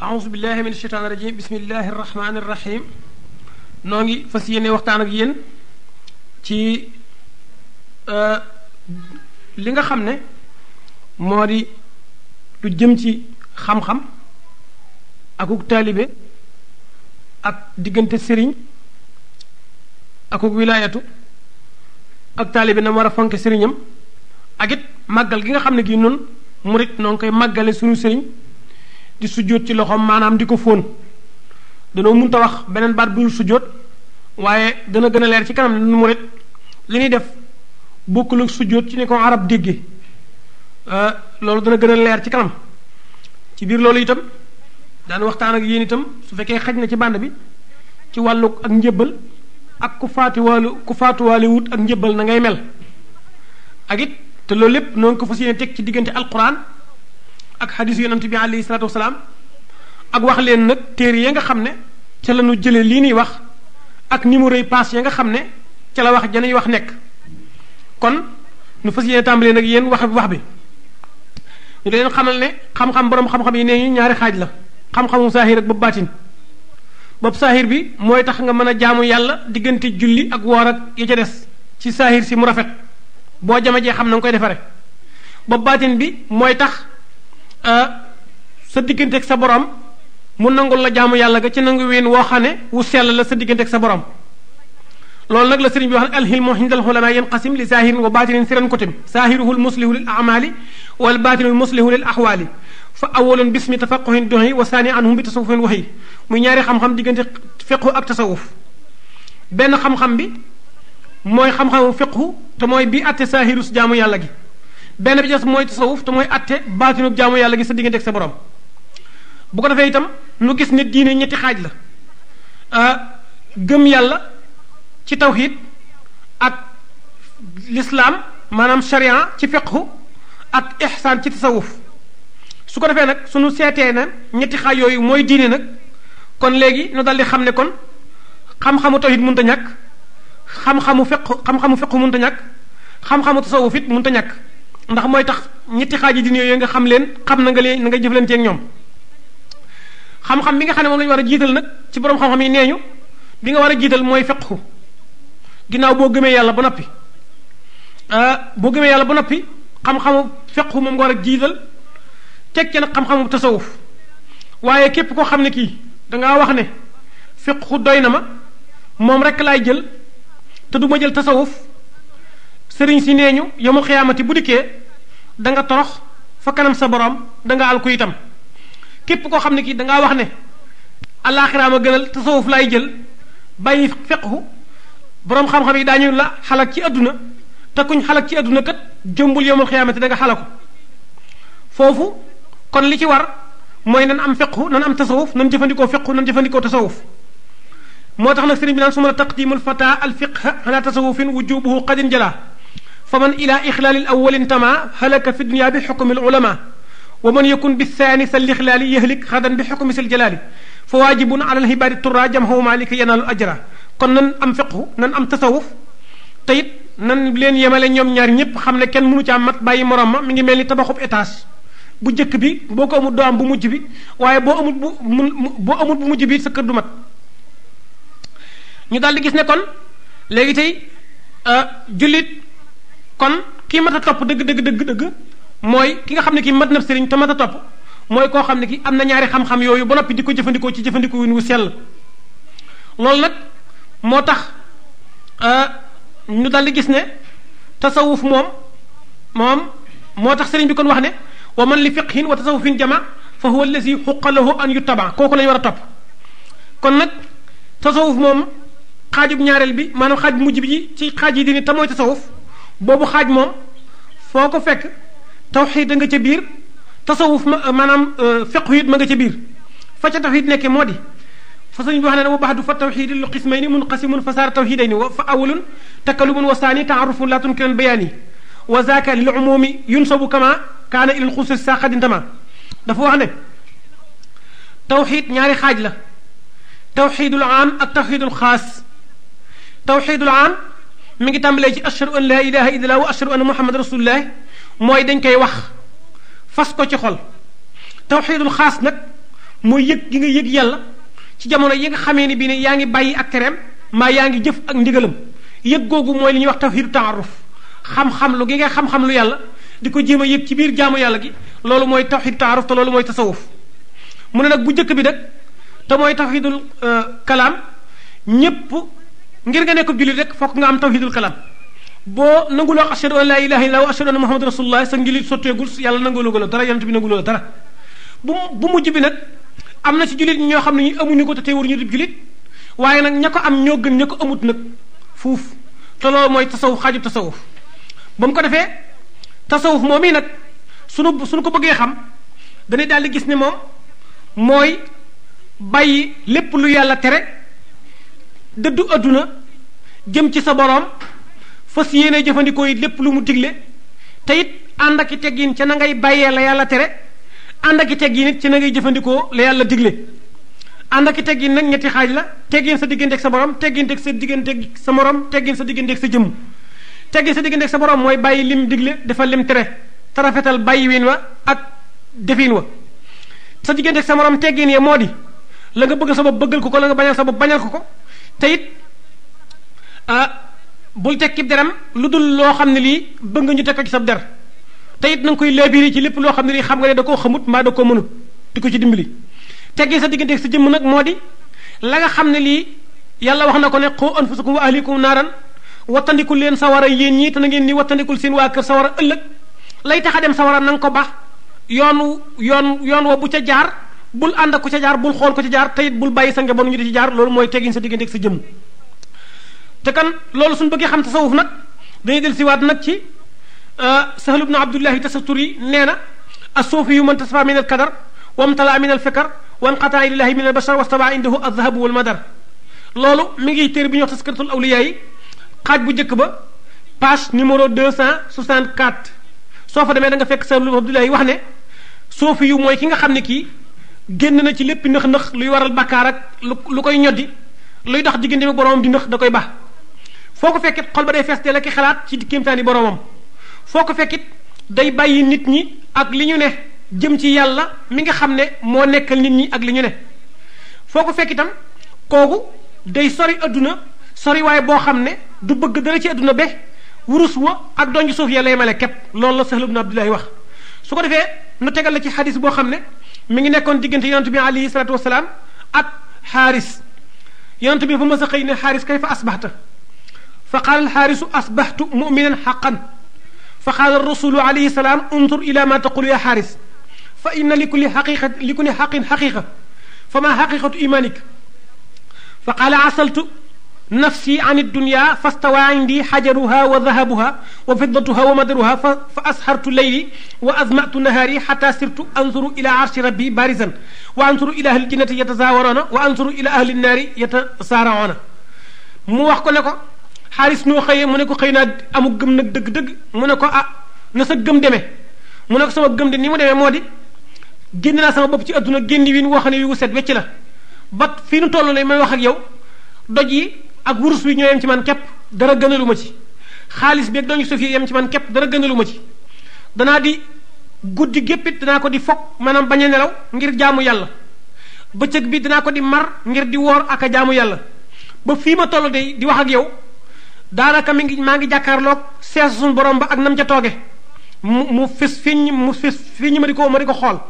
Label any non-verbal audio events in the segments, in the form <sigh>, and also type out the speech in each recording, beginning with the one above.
aousu billahi min sheytaani rajim bismillahi rahmaani rahim noo ngi fas yéene waxtaan ak yéen ci euh, li nga xam ne moo di lu jëm ci xam-xam akuk taalibe ak diggante sëriñ akuk wilaayatu ak taalibe na war a fonke sëriñam ak it màggal gi nga xam ne gi nun murit noo ngi koy màggale sunu sëriñ di sujud ci loxom manam di fon dañu danoo munta wax benen baat bu sujud waye dana gëna leer ci kanam nu li ni def bokkul ak sujud ci ni ko arab euh loolu dana gëna leer ci kanam ci bir loolu itam daan waxtaan ak yeen itam su fekke xaj na ci band bi ci walu ak njëbbal ak ku walu ku walu wut ak njëbbal na ngay mel ak it te loolu lepp non ko fasiyene tek ci alquran ak hadith yonent bi alayhi salatu wassalam ak wax len nak téere ya nga xam ci lañu jëlé nu ni wax ak ni mu ya nga xam ci la wax janay wax nek kon nu fasiyé tambalé nak yeen wax wax bi ñu leen xamal ne xam-xam borom xam-xam yi nee ñu ñaari xaj la xam xam sahir ak bu batin sahir bi moy tax nga mëna jaamu yalla digënté julli ak wor ak ya ci dess ci sahir si mu rafet jama jamajee xam na defare bopp batin bi moy tax sa ak sa borom mu nangul la jaamu yàlla ga ci nangu wiin woo xam ne wu sell la sa ak sa borom loolu nag la sëriñ bi wax ne alhilmu hindal xulama yanqasim li zahirin wa batinin siran kutim zahiruhu muslihu lil amali wal batinu muslihu lil axwaali fa awalun bismi tafaqquhin duhi wa saani anhum bi tasawufin waxi muy ñaari xam-xam diggante fiqhu ak tasawuf benn xam-xam bi mooy xam-xamu fiqhu te mooy bi atte sahirus jaamu yàlla gi benn bi ci des mooy tasawuf te mooy atte baatinu jaamu yàlla gi sa diggante ak sa borom bu ko defee itam nu gis ne diine ñetti xaaj la gëm yàlla ci tawxiid ak lislaam maanaam sharia ci fiqhu ak ihsan ci tasawuf su ko defee nag suñu seetee na ñetti xaaj yooyu mooy diine nag kon léegi nu daldi xam ne kon xam-xamu tawxiid mënta ñàkk xam-xamu fiqhu xam-xamu fiqhu mënta ñàkk xam-xamu tasawuf it mënta ñàkk ndax mooy tax ñetti xaaji diine yooyu nga xam leen xam na nga leen na nga jëflante ak ñoom xam-xam bi nga xam ne moom la war a jiital nag ci borom xam-xam yi nee ñu bi nga war a jiital mooy fiqhu ginnaaw boo gëmee yàlla ba noppi ah, boo gëmee yàlla ba noppi xam-xamu fiqhu moom nga war a jiital teg ci nag xam-xamu tasawuf waaye képp koo xam ne kii dangaa wax ne fiqhu doy na ma moom rek laay jël te du ma jël tasawuf serigne si neñu yamu yamul xiyaamati bu dikkee da nga torox fa kanam sa borom da nga al ko itam kep ko xamne ki da nga wax ne alaaxiraam ma gënal tasawuf lay jël bàyyi fiqhu borom xam-xam yi dañu la xalak ci aduna te kuñ xalak ci aduna kat jëmbul yamu xiyaamati da nga xalaku fofu kon li ci war moy nan am fiqhu nan am tasawuf nan jëfandikoo fiqhu nan jëfandikoo tasawuf motax nak serigne bi nan suma taqdimul fata al fiqh ala tasawufin wujubuhu qad injala فمن إلى إخلال الأول انتما هلك في الدنيا بحكم العلماء ومن يكون بالثاني سالإخلال يهلك غدا بحكم سل جلالي فواجب على الهبار التراجة هو مالك ينال الأجرة كن نن أم فقه نن أم تصوف تيت نن بلين يمال نيوم نيار نيب خامل كن منو جامت باي مرامة مني ملي تبخب إتاس bu jëkk bi boo ko amul doo am bu mujj bi waaye boo amul bu boo amul bu mujj bi sa kër du mat ñu daal di gis ne kon léegi tey euh, julit kon ki mata top deug deug deug deug moy ki nga xamne ki mat na serigne te mat a topp mooy koo ki amna ñaari xam-xam yoyu bo nopi diko jëfëndiko jëfandikoo ci jëfandikoo wu sel loolu nak motax euh ñu dal li gis ne tasawuf mom mom motax serigne bi kon wax ne wa man li fiqhin wa tasawufin jama fa huwa allazi xuqa lahu an yuttaba koku la wara top kon nak tasawuf mom xajib ñaarel bi manam xaaj mujj bi ci xajidi ni tamoy tasawuf boobu xaaj moom foo ko fekk tawxiid nga ca biir tasawuf ma maanaam fiqhu it ma nga ca biir fa ca tawxiid nekke moo di fa sëñ wax ne ne wa baxdu fa tawxiid lu qismayni munqasimun fa saara tawxiidayni wa fa awalun takalumun wa saani taarufun laa tunkirel bayaani wa zaaka lil umumi yunsabu kama kaana ilal xusuus saqadintama dafa wax ne tawxiid ñaari xaaj la tawxiidul aam ak tawxiidul xaas tawxiidul aam mi ngi tàmbalee ci ashhadu an laa ilaha illallah wa ashhadu anna muhammad rasulullah mooy dañ koy wax fas ko ci xol tawxidul xaas nag mooy yëg gi nga yëg yàlla ci jamono yi nga xamee ni bi ne yaa ngi bàyyi ak tereem maa yaa ngi jëf ak ndigalam yëg googu mooy li ñuy wax tawxidu taaruf xam-xam lu gi nga xam-xam lu yàlla di ko jéem a yëg ci biir jaamu yàlla gi loolu mooy tawxidu taaruf te loolu mooy tasawuf mu ne nag bu njëkk bi nag te mooy tawxidul kalaam ñépp ngir nga nekk jullit rek fokk nga am tawhidul kalam boo nanguloo ashhadu an laa ilaaha illallaah wa ashhadu anna muhammadan rasulullah sa njulit sotteegul yàlla nanguloo la dara yonent bi nanguloo la dara bu bu mujj bi nag am na ci jullit ñoo xam ne ñu amuñu ko te teewul ñu dib jullit waaye nag ña ko am ñoo gën ña ko amut nag fuuf te loolu mooy tasawuf xaajub tasawuf ba mu ko defee tasawuf moom yi nag su suñu ko bëggee xam dañuy daal di gis ne moom mooy bàyyi lépp lu yàlla tere dëddu jëm ci sa boroom fas yéene jëfandikoo it lépp lu mu digle te it ànd ak i teggin ca na ngay bàyyee la yàlla tere ànd ak i teggin ci na ngay jëfandikoo la yàlla digle ànd ak i teggin nag ñetti xaaj la teggin sa digganteeg sa borom tegginteeg sa digganteeg sa morom teggin sa digganteeg sa jëmm teggin sa digganteeg sa borom mooy bàyyi lim digle dafa lim tere te rafetal bàyyi wiin wa ak defin wa sa digganteeg sa morom teggin ya moo di la nga bëgg sa bopp bëggal ko ko la nga bañal sa bopp bañal ko Ah, bul teg cib deram lu dul loo xam ne lii bëgg nga ñu teg ko ci sab der te it na koy laabiri ci lépp loo xam ne lii xam nga ne da koo xamut mbaa da ko mënut di ko ci dimbali teggee sa digganteeg sa jëmm nag moo di la nga xam ne lii yàlla wax na ko ne qu anfusakum wa ahlikum naaran wattandikul leen sawara yéen ñii na ngeen ni wattandikul seen waa kër ëllëg lay tax a dem sawara na nga ko baax yoon yoon yoon wa bu ca jaar bul ànd ak ku jaar bul xool ko ca jaar te it bul bàyyi sa njaboot ñu di ci jaar loolu mooy teggin sa digganteeg sa jëmm te kan loolu suñ bëggee xam tasawuf nag dañuy del siwaat nag ci euh, sahlu bnu abdullahi tasaturi nee na الصوفي من تصفى من الكدر وامتلأ من الفكر وانقطع لله من البشر واستوى عنده الذهب والمدر لولو ميغي تير بي نيوخ تذكرة الأولياء خاج بو جيك با باش نيمورو 264 سوفا دامي داغا فك سيرلو عبد الله واخني صوفي موي كيغا خامني كي ген na ci lepp nex nex luy waral bakkar ak lu koy ñoddi luy dox digëndim ak borom di nex da koy bax foko ko fekkit xol ba day fees la ki xalat ci kéemtaani boromam foko ko fekkit day bàyyi nit ñi ak li ñu ne jëm ci yàlla mi nga xamne mo nekkal nit ñi ak li ñu ne foko ko kogu day sori aduna sori way bo xamne du bëgg dara ci aduna be wurus wa ak doñu suuf yalla lay male képp loolu la sahlu ibn abdullahi wax su ko defee nu tegal la ci hadith bo xamne mi ngi nekkon digënté yonent bi alayhi salatu wasalaam ak haris yonent bi fu ma sa xëy ne xaaris kay فقال الحارس أصبحت مؤمنا حقا فقال الرسول عليه السلام انظر إلى ما تقول يا حارس فإن لكل حقيقة لكل حق حقيقة فما حقيقة إيمانك فقال عسلت نفسي عن الدنيا فاستوى عندي حجرها وذهبها وفضتها ومدرها فأسهرت ليلي وأظمأت نهاري حتى سرت أنظر إلى عرش ربي بارزا وأنظر إلى أهل الجنة يتزاورون وأنظر إلى أهل النار يتسارعون mu wax xaaris noo xëyee mu ne ko xëy naa amu gëm nag dëgg-dëgg mu ne ko ah na sa gëm demee mu ne ko sama gëm de ni mu demee moo di génn naa sama bopp ci adduna génn win woo xam ne wi wu set wecc la bat fii nu toll ne may wax ak yow doj yi ak wurus wi ñoo yem ci man képp dara gënalu ma ci xaalis beeg doñu suuf yi yem ci man képp dara gënalu ma ci danaa di guddi géppit danaa ko di fokk maanaam bañ a nelaw ngir jaamu yàlla bëccëg bi danaa ko di mar ngir di woor ak a jaamu yàlla ba fii ma toll de di wax ak yow daanaka mi ngi maa ngi jàkkaarloog sees borom ba ak nam ca tooge mu mu fis fiñ mu fis fiñ ma di ko ma di ko xool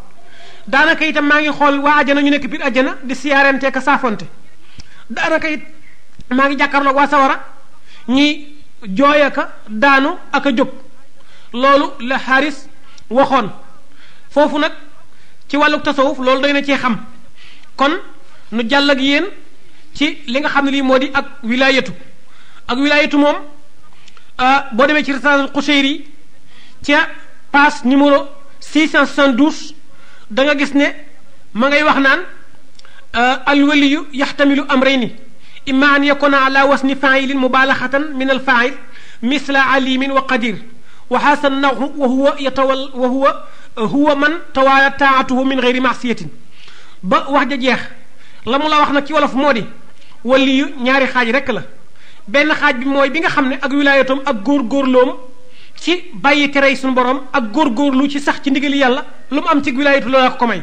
daanaka itam maa ngi xool waa ajana ñu nekk biir ajana di siyaarenteek a saafonte daanaka it maa ngi jàkkaarloog waa sawara ñi jooy aka daanu ak a jóg loolu la xaaris waxoon foofu nag ci wàllu tasawuf loolu day na cee xam kon nu jàll ak yéen ci li nga xam ne lii moo di ak wilaayatu ak wilaayatu moom boo demee ci risaal al Qushayri ca passe numéro 672 da nga gis ne ma ngay wax naan al waliyu yaxtamilu amrayni imma an yakuna ala wasni failin mubalaghatan min al fail misla alimin wa qadir wa xasanahu wa huwa yatawal wa huwa huwa man tawala taatuhu min geyri masiyatin ba wax ja jeex lamu la wax nak ci wolof modi di waliyu ñaari xaj rek la benn xaaj bi mooy bi nga xam ne ak wilaayatoom ak góor góorgóorloom ci bàyyi tere suñu borom ak góor góorgóorlu ci sax ci ndigali yàlla lu mu am ci wilaayatu loolaa ko ko may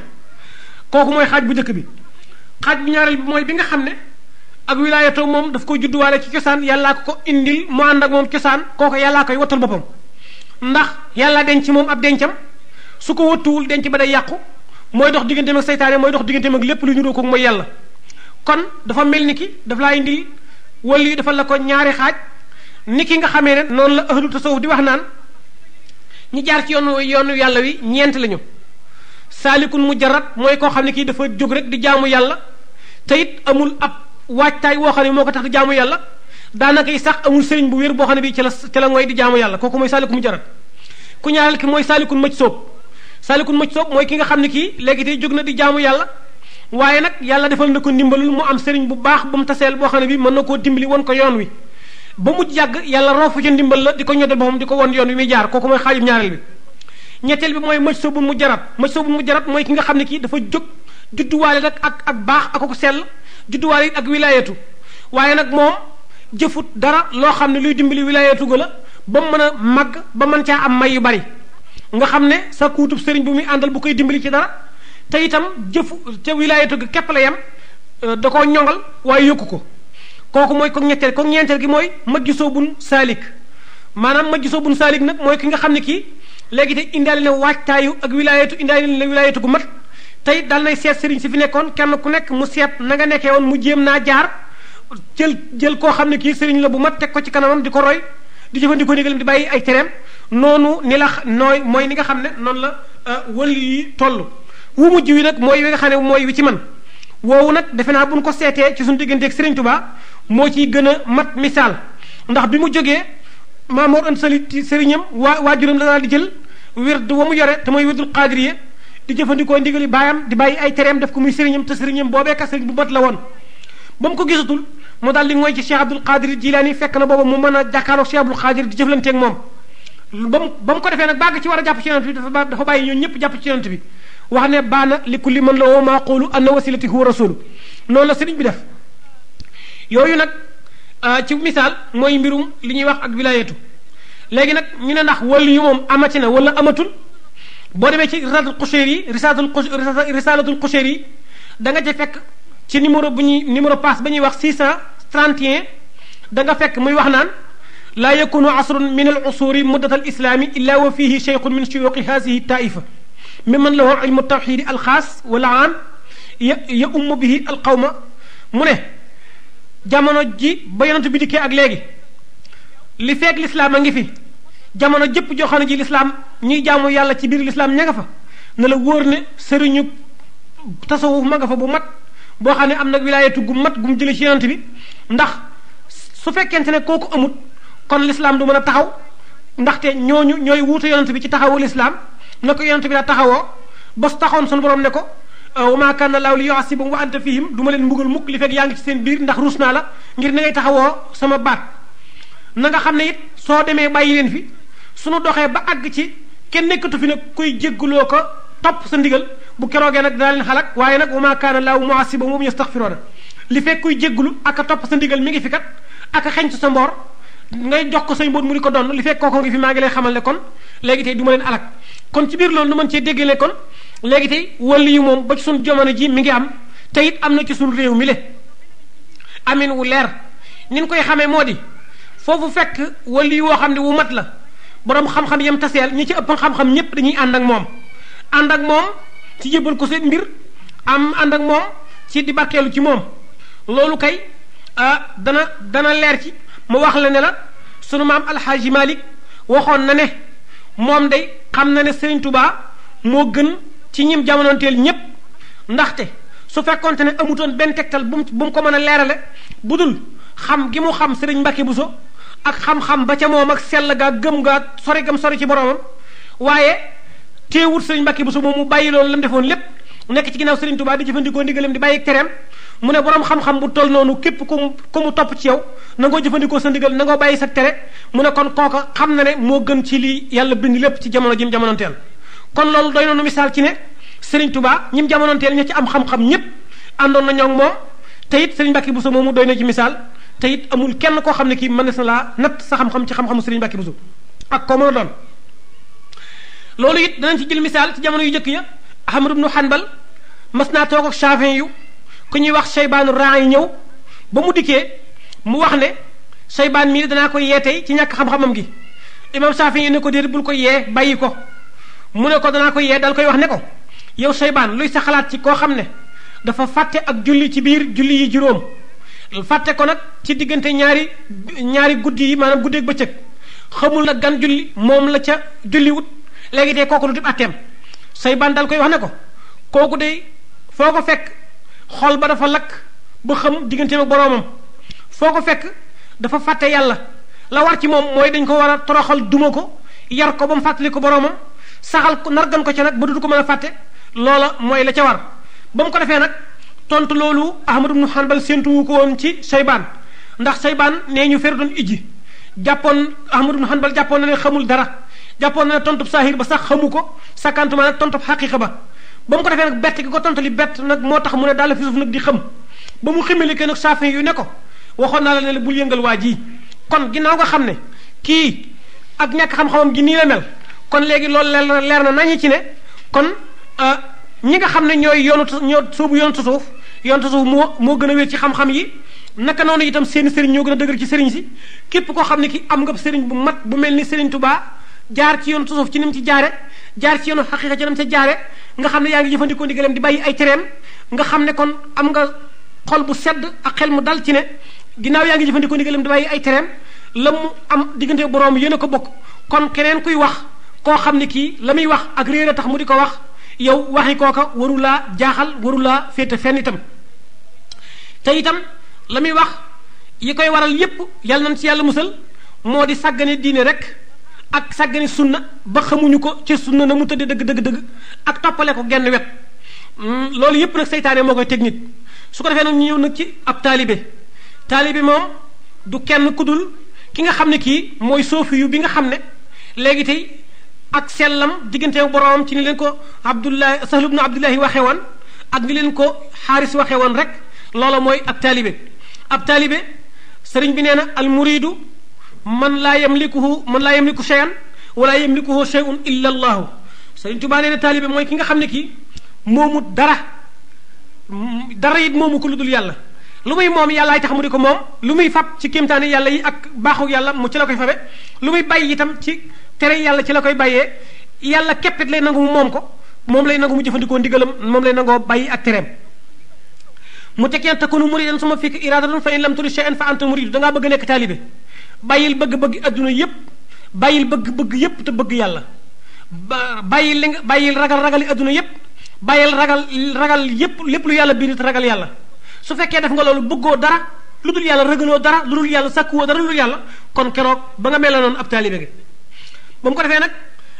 kooku mooy xaaj bu njëkk bi xaaj bu ñaareel bi mooy bi nga xam ne ak wilaayatoom moom daf ko judduwaale ci cosaan yàlla ko ko indil mu ànd ak moom cosaan kooku yàllaa koy wattul boppam ndax yàllaa denc moom ab dencam su ko wattuwul denc ba day yàqu mooy dox digganteem ak seytaane mooy dox digganteem ak lépp lu ñu ko mooy yàlla kon dafa mel ni ki daf laa wala yu defal la ko ñaari xaaj ni ki nga xamee ne noonu la ahlu tasawuf di wax naan ñi jaar ci yoonu yoonu yàlla wi ñeent lañu saalikun mujarrad mooy koo xam ne kii dafa jóg rek di jaamu yàlla te it amul ab waajtaay woo xam ne moo ko tax di yàlla daanaka yi sax amul sëriñ bu wér boo xam ne bii ci la ci la di jaamu yàlla kooku mooy saalikun mujarrad ku ñaareel ki mooy saalikun majsoob saalikun majsoob mooy ki nga xam ne kii léegi tey jóg na di jaamu yàlla waaye nag yàlla defal na ko ndimbalul mu am sëriñ bu baax ba mu taseel boo xam ne bi mën na koo dimbali won ko yoon wi ba mu jàgg yàlla roofu ca ndimbal la di ko ñodal boppam di ko won yoon wi muy jaar kooku mooy xaajub ñaareel bi ñetteel bi mooy mëj sobu mu jarat mëj sobu mu jarat mooy ki nga xam ne kii dafa jóg judduwaale nag ak ak baax ak ko sell judduwaale ak wilayetu waaye nag moom jëfut dara loo xam ne luy dimbali wilayetu ga la ba mën a màgg ba mën caa am may yu bari nga xam ne sa kuutub sëriñ bu muy àndal bu koy dimbali ci dara te itam jëfu te wilaayatu gi képp la yem euh, da koo ñoŋal waaye yokku ko kooku mooy ko ñetteel ko ñeenteel gi mooy majjusoo bun saalik maanaam majjusoo bun saalik nag mooy ki nga xam ne kii léegi te indaale na waajtaayu ak wilaayatu indaale na wilaayatu gu mat tey dal nay seet sëriñ si fi nekkoon kenn ku nekk mu seet nanga nekkee woon mu jéem naa jaar jël jël koo xam ne kii sëriñ la bu mat teg ko ci kanamam di ko roy di jëfandikoo ndigalam di bàyyi ay tereem noonu ni la nooy mooy ni nga xam ne noonu la euh, wël yi toll wu mujj wi nag mooy wi nga xam ne mooy wi ci man woowu nag defe naa buñ ko seetee ci suñu digganteeg Serigne Touba moo ciy gën a mat misaal ndax bi mu jógee Maamoor Anta Sali ci sëriñam waa waajuram la daal di jël wird wa mu yore te mooy wirdul qaadiriya di jëfandikoo ndigali baayam di bàyyi ay tereem def ko muy sëriñam te sëriñam boobee ka sëriñ bu mat la woon ba mu ko gisatul mu daal di mooy ci Cheikh Abdul Qadir Jilaani fekk na booba mu mën a jàkkaarloog Cheikh Abdul Qadir di jëflanteeg moom ba mu ba mu ko defee nag bàgg ci war a jàpp ci yonent bi dafa dafa bàyyi ñoom ñëpp jàpp ci yonent bi wax ne baana li kulli man la woo maa qulu anna wasilati huwa rasulu noonu la sëriñ bi def yooyu nag ci misaal mooy mbirum li ñuy wax ak wilayetu léegi nag ñu ne ndax wàllu yu moom amati na wala amatul boo demee ci risalatul xuseer yi risalatul risalatul xuseer yi da nga ca fekk ci numéro bu ñuy numéro passe ba ñuy wax 631 da nga fekk muy wax naan laa yakunu asrun min al usuri muddat al islaami illa wa fihi cheikhun min shuyuqi haasihi taifa ممن له علم التوحيد الخاص والعام يؤم به القوم مونه جامونو جي با يونت بي ديكي اك لغي لي فك الاسلام ماغي في جامونو جيب جو خانو جي الاسلام ني جامو يالا سي بير الاسلام نيغا فا نلا وورني سيرينو تصوف ماغا فا بو مات بو خاني امنا ولايه غوم مات غوم جيلي سي بي ندخ su fekkente ne koku amut kon l'islam du meuna taxaw ndaxte ñooñu ñooy wuute yonent bi ci taxawul islam na ko yonent bi a taxawoo ba taxoon sunu boroom ne ko wa maa laaw laahu li yu'azzibahum wa anta fihim du ma leen mbugal mukk li fekk yaa ngi ci seen biir ndax ruus naa la ngir ni ngay taxawoo sama baat na nga xam ne it soo demee bàyyi leen fi su sunu doxee ba àgg ci kenn nekkatu fi nag koy jéggaloo ko topp sa ndigal bu keroogee nag dinaa leen xalak waaye nag wa maa kaana laahu mu'azzibahum wa hum yastaghfiruun li fekk kuy jéggalu ak a topp sa ndigal mi ngi fi kat ak a xeñ sa mboor ngay jox ko say mu di ko doon li fekk kooku ngi fi maa ngi lay léegi tey du leen alak kon ci biir loolu nu mën cee déggale kon léegi tey wàllu moom ba ci suñu jamono ji mi ngi am te am na ci suñu réew mi le amin wu leer nin koy xamee moo di foofu fekk wàllu yi woo xam wu mat la borom xam-xam yam taseel ñi ci ëpp xam-xam ñëpp dañuy ànd ak moom ànd ak moom ci jébbal ko seen mbir am ànd ak moom ci di barkeelu ci moom loolu kay ah, dana dana leer ci mu wax la ne la sunu maam alxaaji Malik waxoon na ne moom day xam na ne Serigne Touba moo gën ci ñim jamonoonteel ñépp ndaxte su fekkonte ne amutoon benn tegtal bu mu bu mu ko mën a leerale bu dul xam gi mu xam Serigne Mbacke Bousso ak xam-xam ba ca moom ak sell gaa gëm gaa sori gëm sori ci boromam waaye teewut Serigne bu Bousso moom mu bàyyi loolu la defoon lépp mu nekk ci ginnaaw Serigne Touba di jëfandikoo ndigalam di bàyyi tereem mu ne borom xam-xam bu toll noonu képp ku mu ku mu topp ci yow nangoo jëfandikoo sa ndigal nangoo bàyyi sa tere mu ne kon kooka xam na ne moo gën ci li yàlla bind lépp ci jamono jim jamonoonteel kon loolu doy noonu misaal ci ne Serigne Touba ñim jamonoonteel ñoo ci am xam-xam ñépp àndoon na ñoom moom te it Serigne Mbacké Bousso moomu doy na ci misaal te it amul kenn koo xam ne kii mën na laa natt sa xam ci xam-xamu Serigne Mbacké a doon loolu it danañ ci jël misaal ci jamono yu jëkk ya xam Ahmad ibnu Hanbal mas naa toog ak Shafii yu ku ñuy wax Seybaanu yi ñëw ba mu dikkee mu wax ne Seybaan mii danaa ko yee tey ci ñàkk xam-xamam gi imaam Shafii yu ne ko déet bul ko yee bàyyi ko mu ne ko danaa ko yee dal koy wax ne ko yow Seybaan luy sa xalaat ci koo xam ne dafa fàtte ak julli ci biir julli yi juróom fàtte ko nag ci diggante ñaari ñaari guddi yi maanaam guddeeg bëccëg xamul nag gan julli moom la ca julliwut wut léegi tey kooku du dib atteem saybaan daal koy wax ne ko kooku de foo ko fekk xol ba dafa lakk ba xam digganteem ak boroomam foo ko fekk dafa fàtte yàlla la war ci moom mooy dañ ko war a toroxal duma ko yar ko ba mu fàttali ko boroomam saxal ko nargan ko ca nag ba du ko mën a fàtte loola mooy la ca war ba mu ko defee nag tontu loolu Ahmad ibnu Hanbal séentuwu ko woon ci saybaan ndax saybaan nee ñu feru doon ijji jàppoon Ahmad ibnu Hanbal jàppoon na ne xamul dara jàppoon na tontub saahir ba sax xamu ko sakkantuma nag tontub xaqiqa ba ba mu ko defee nag bett ki ko tontali li bett nag moo tax mu ne daal la fi suuf nag di xam ba mu ximali ke nag saafin yu ne ko waxoon naa la ne bul yëngal waa ji kon ginnaaw nga xam ne kii ak ñàkk xam-xamam gi nii la mel kon léegi loolu leer leer na nañu ci ne kon euh, ñi nga xam ne ñooy yoonu ñoo soobu yoonu tasawuf yoonu tasawuf moo moo gën a wér ci xam-xam yi naka noonu itam seeni sëriñ ñoo gën a dëgër ci sëriñ si képp koo xam ne ki am nga sëriñ bu mat bu mel ni sëriñ Tuubaa jaar ci yoonu tasawuf ci ni mu ci jaare jaar ci yoonu xaqiqa ci ni mu ci jaare nga xam ne yaa ngi jëfandikoo ndigalam di bàyyi ay tereem nga xam ne kon am nga xol bu sedd ak xel mu dal ci ne ginnaaw yaa ngi jëfandikoo ndigalam di bàyyi ay tereem la mu am diggante boroom yéen a ko bokk kon keneen kuy wax koo xam ne kii la muy wax ak réer a tax mu di ko wax yow waxi kooka waru laa jaaxal waru laa féete fenn itam te itam la muy wax yi koy waral yépp yàlla nañ si yàlla musal moo di sàggane diine rek ak sàggane sunna ba xamuñu ko ci sunna na mu tëddee dëgg dëgg dëgg ak toppale ko genn wet hmm, loolu yépp nag seytaane moo koy teg nit su ko defee nag ñu ñëw nag ci ab taalibe taalibe moom du kenn ku dul ki nga xam ne kii mooy soofi bi nga xam ne léegi tey ak sellam digganteem boromam ci ni leen ko abdullahi sahlu bnu abdullahi waxe woon ak ni leen ko xaaris waxe woon rek loola mooy ab taalibe ab taalibe sëriñ bi nee na al muridu man laa yamlikuhu man laa yamliku cheyan wala yamlikuhu cheyun illa allahu sëriñ tubaa nee na taalibe mooy ki nga xam ne kii moomu dara dara it moomu ko lu dul yàlla lu muy moom yàllaay tax mu di ko moom lu muy fab ci kéemtaani yàlla yi ak baaxu yàlla mu ci la koy fabe lu muy bàyyi itam ci tere yàlla ci la koy bàyyee yàlla képpit lay nangu mu moom ko moom lay nangu mu jëfandikoo ndigalam moom lay nangoo bàyyi ak tereem mu tekkeen takunu muridan suma fikk iraadatan fa in lam turi shay'an fa anta muridu da ngaa bëgg nekk taalibe bayil bëgg-bëgg aduna yépp bayil bëgg-bëgg yépp te bëgg yàlla bayil li bayil ragal ragali aduna yépp bayil ragal ragal yépp lépp lu yàlla bind ragal yàlla su fekkee def nga loolu bëggoo dara lu dul yàlla ragaloo dara lu dul yàlla sàkkuwoo dara lu dul yàlla kon keroog ba nga mel noonu ab taalibe gi ba mu ko defee nag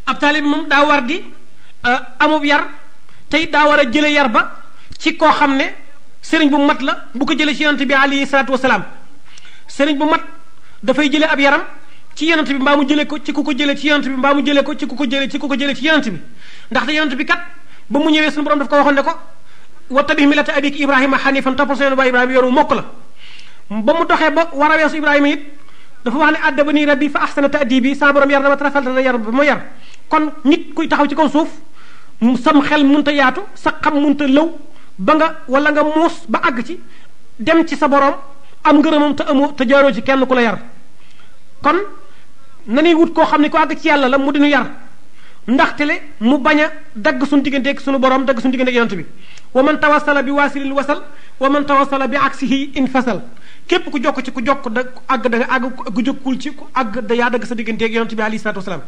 ab taalibe moom daa war di euh, amub yar tey daa war a yar ba ci koo xam ne sëriñ bu mat la bu ko jële ci bi alayhi salaatu sëriñ bu mat dafay jële ab yaram ci yonent bi mbaa jële ko ci ku jële ci yonent bi mbaa jële ko ci ku jële ci ku jële ci yonent bi ndaxte yonent bi kat ba mu ñëwee suñu borom daf ko waxoon ne ko wattabi milata abik ibrahima xanifan toppal seen ba ibrahima yoru mokk la ba mu doxee ba war a weesu ibrahima it dafa wax ne adda ba nii rabbi fa ahsana taadibi saa borom yar na ma rafal yar ba yar kon nit kuy taxaw ci kaw suuf sam xel munta yaatu sa xam munta lëw ba nga wala nga muus ba àgg ci dem ci sa borom am ngërëmam te amoo te jaaroo ci kenn ku la yar kon nanuy wut koo xam ne ko àgg ci yàlla la mu dinu yar ndaxtele mu bañ a dagg suñu digganteeg suñu borom dagg suñu digganteeg yonent bi wa man tawassala bi waasilil wasal wa man tawassala bi aksihi infasal képp ku jokk ci ku jokk da àgg da nga àgg ku jokkul ci ku àgg da yaa dagg sa digganteeg yonent bi alayhi salaatu wasalaam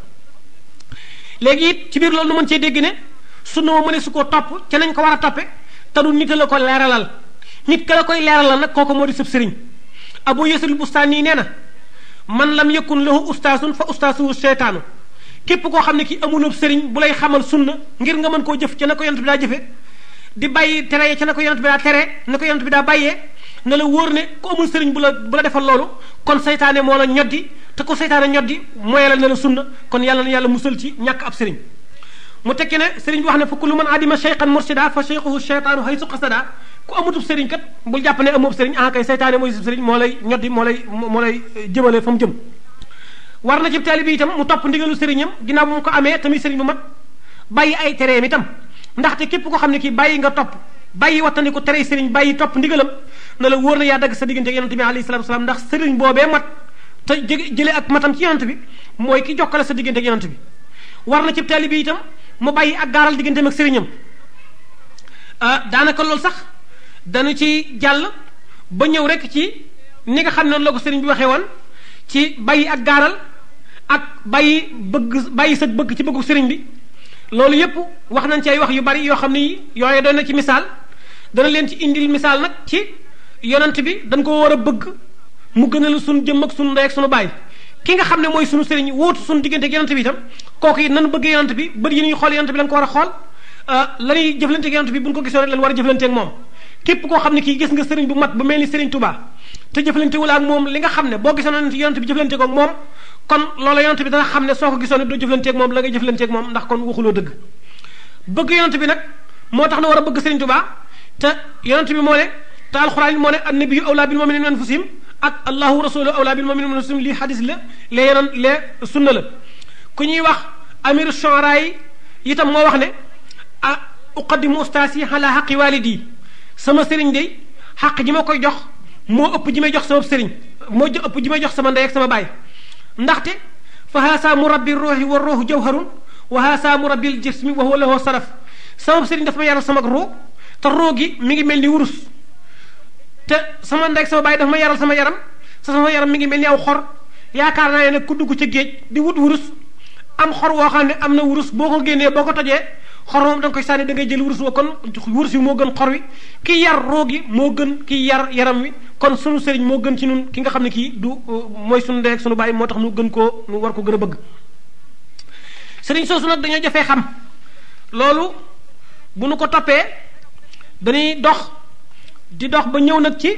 léegi it ci biir lool nu mën cee dégg ne sunu ma mëne su koo topp ca nañ ko war a toppe te du nit la ko leeralal nit ka la koy leeralal nag kooku moo di sëb sëriñ Abu Yasil Bustaani nee na man lam yakun lahu ustaasun fa ustaasuhu seytaanu képp koo xam ne ki amulub sëriñ bu lay xamal sunna ngir nga man ko jëf ci nako yent bi da jëfe di bàyyi tere ci nako yent bi da tere nako yent bi da bayé na la wóor ne ku amul sëriñ bu la bu la defal lolu kon seytaane mo la ñoddi te ko seytaane ñoddi moyalal na la sunna kon yàlla na yàlla musul ci ñak ab sëriñ mu tekki ne sëriñ bi wax ne fa kullu man adima cheikhan mursida fa shaykhuhu cheytaanu haythu qasada ku amutub sëriñ kat bu jàpp ne amub sëriñ ah kay seytaane mooy sëriñ moo lay ñoddi moo lay moo lay jëmale fa mu jëm war na ci taalibe itam mu topp ndigalu sëriñam ginnaaw bu mu ko amee tamit sëriñ bu mat bàyyi ay tereem itam ndaxte képp koo xam ne kii bàyyi nga topp bàyyi wattandi ko tere sëriñ bàyyi topp ndigalam na la wóor na yaa dagg sa diggante ak yonent bi alayhi salaatu wasalaam ndax sëriñ boobee mat te jële matam ci yonent bi mooy ki jokkale sa diggante ak bi war na ci taalibe itam mu bàyyi ak gaaral digganteem ak sëriñam ah, daanaka loolu sax danu ci jàll ba ñëw rek ci ni nga xam noonu la ko sëriñ bi waxee woon ci bàyyi ak gaaral ak bàyyi bëgg bàyyi sa bëgg ci bëggu sëriñ bi loolu yépp wax nañ ci ay wax yu bari yoo xam ne ni yooye doon na ci misaal dana leen ci indil misaal nag ci yonent bi dañ ko war a bëgg mu gënal sunu jëm ak suñu ndey ak suñu baay ki nga xam ne mooy suñu sëriñ wóotu suñu diggante ak yonent bi itam kooku it nan bëgg yonent bi bët yi nuy xool yonent bi lañ ko war a xool euh, la ñuy jëflante ak yonent bi buñ ko gisoo rek lañ a jëflante moom képp koo xam ne kii gis nga sëriñ bu mat bu mel ni sëriñ Touba te jëflante wul ak moom li nga xam ne boo gisoon yonent bi jëflante ko ak moom kon loolu yonent bi dana xam ne soo ko gisoon doo jëflante ak moom la nga jëflante ak moom ndax kon waxuloo dëgg bëgg yonent bi nag moo tax na war a bëgg sëriñ Touba te yonent bi moo ne te alxuraan yi moo ne annabiyu awlaa bil mu'miniina min anfusihim ak allahu rasulu awlaa bil mu'miniina min anfusihim lii xadis la lee yeneen lee sunna la ku ñuy wax amiru shu'araa yi itam moo wax ne ah uqaddimu ustaas yi ala xaqi waalidi sama sëriñ de xaq ji ma koy jox moo ëpp ji may jox sama sëriñ moo ëpp ji may jox sama ndey ak sama baay ndaxte fa haasa murabbi ruuxi wa ruuxu jawharun wa haasa murabbil jismi wa huwa lahu saraf sama sëriñ dafa ma yaral sama ruu te ruu gi mi ngi mel ni wurus te sama ndey ak sama baay dafa ma yaral sama yaram sa sama yaram mi ngi mel ni aw xor yaakaar naa ne nag ku dugg ca géej di wut wurus am xor woo xam ne am na wurus boo ko génnee boo ko tojee xor moom da koy sànni dangay jël wurus wa kon wurus wi moo gën xor wi ki yar roog yi moo gën ki yar yaram wi kon sunu sëriñ moo gën ci nun ki nga xam ne kii du uh, mooy sunu ndey ak sunu moo tax nu gën koo nu war ko gën a bëgg sëriñ soosu nag jafee xam loolu bu nu ko toppee dañuy dox di dox ba ñëw nag ci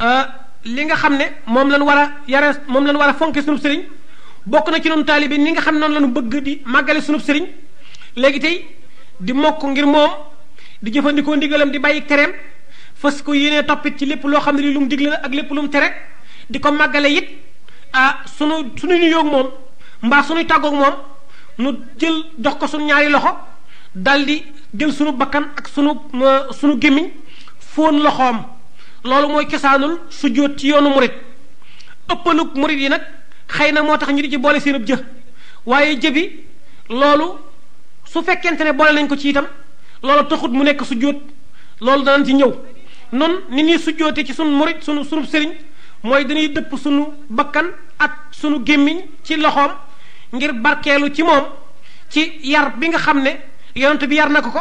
uh, li nga xam ne moom lañ war a yare moom lañ war a fonke sëriñ bokk na ci noonu taalibe ni nga xam ne noonu lañu bëgg di màggale sunu sëriñ léegi tey di mokk ngir moom di jëfandikoo ndigalam di bàyyi tereem fës ko yéenee toppit ci lépp loo xam ne li lu mu digle ak lépp lu mu tere di ko màggale it ah sunu sunu nuyoog moom mbaa sunuy tàggoog moom nu jël dox ko sunu ñaari loxo daldi jël sunu bakkan ak sunu sunu gémmiñ fóon loxoom loolu mooy cosaanul su jóot ci yoonu murit ëppanug murit yi nag xëy na moo tax ñu di ci boole seen ab jë waaye jëbi loolu su fekkente ne boole nañ ko ci itam loolu taxut mu nekk sujjóot loolu danañ ci ñëw noon ni ñuy sujjóote ci sunu murit sunu sunu sëriñ mooy dañuy dëpp sunu bakkan ak sunu gémmiñ ci loxoom ngir barkeelu ci moom ci yar bi nga xam ne yonent bi yar na ko ko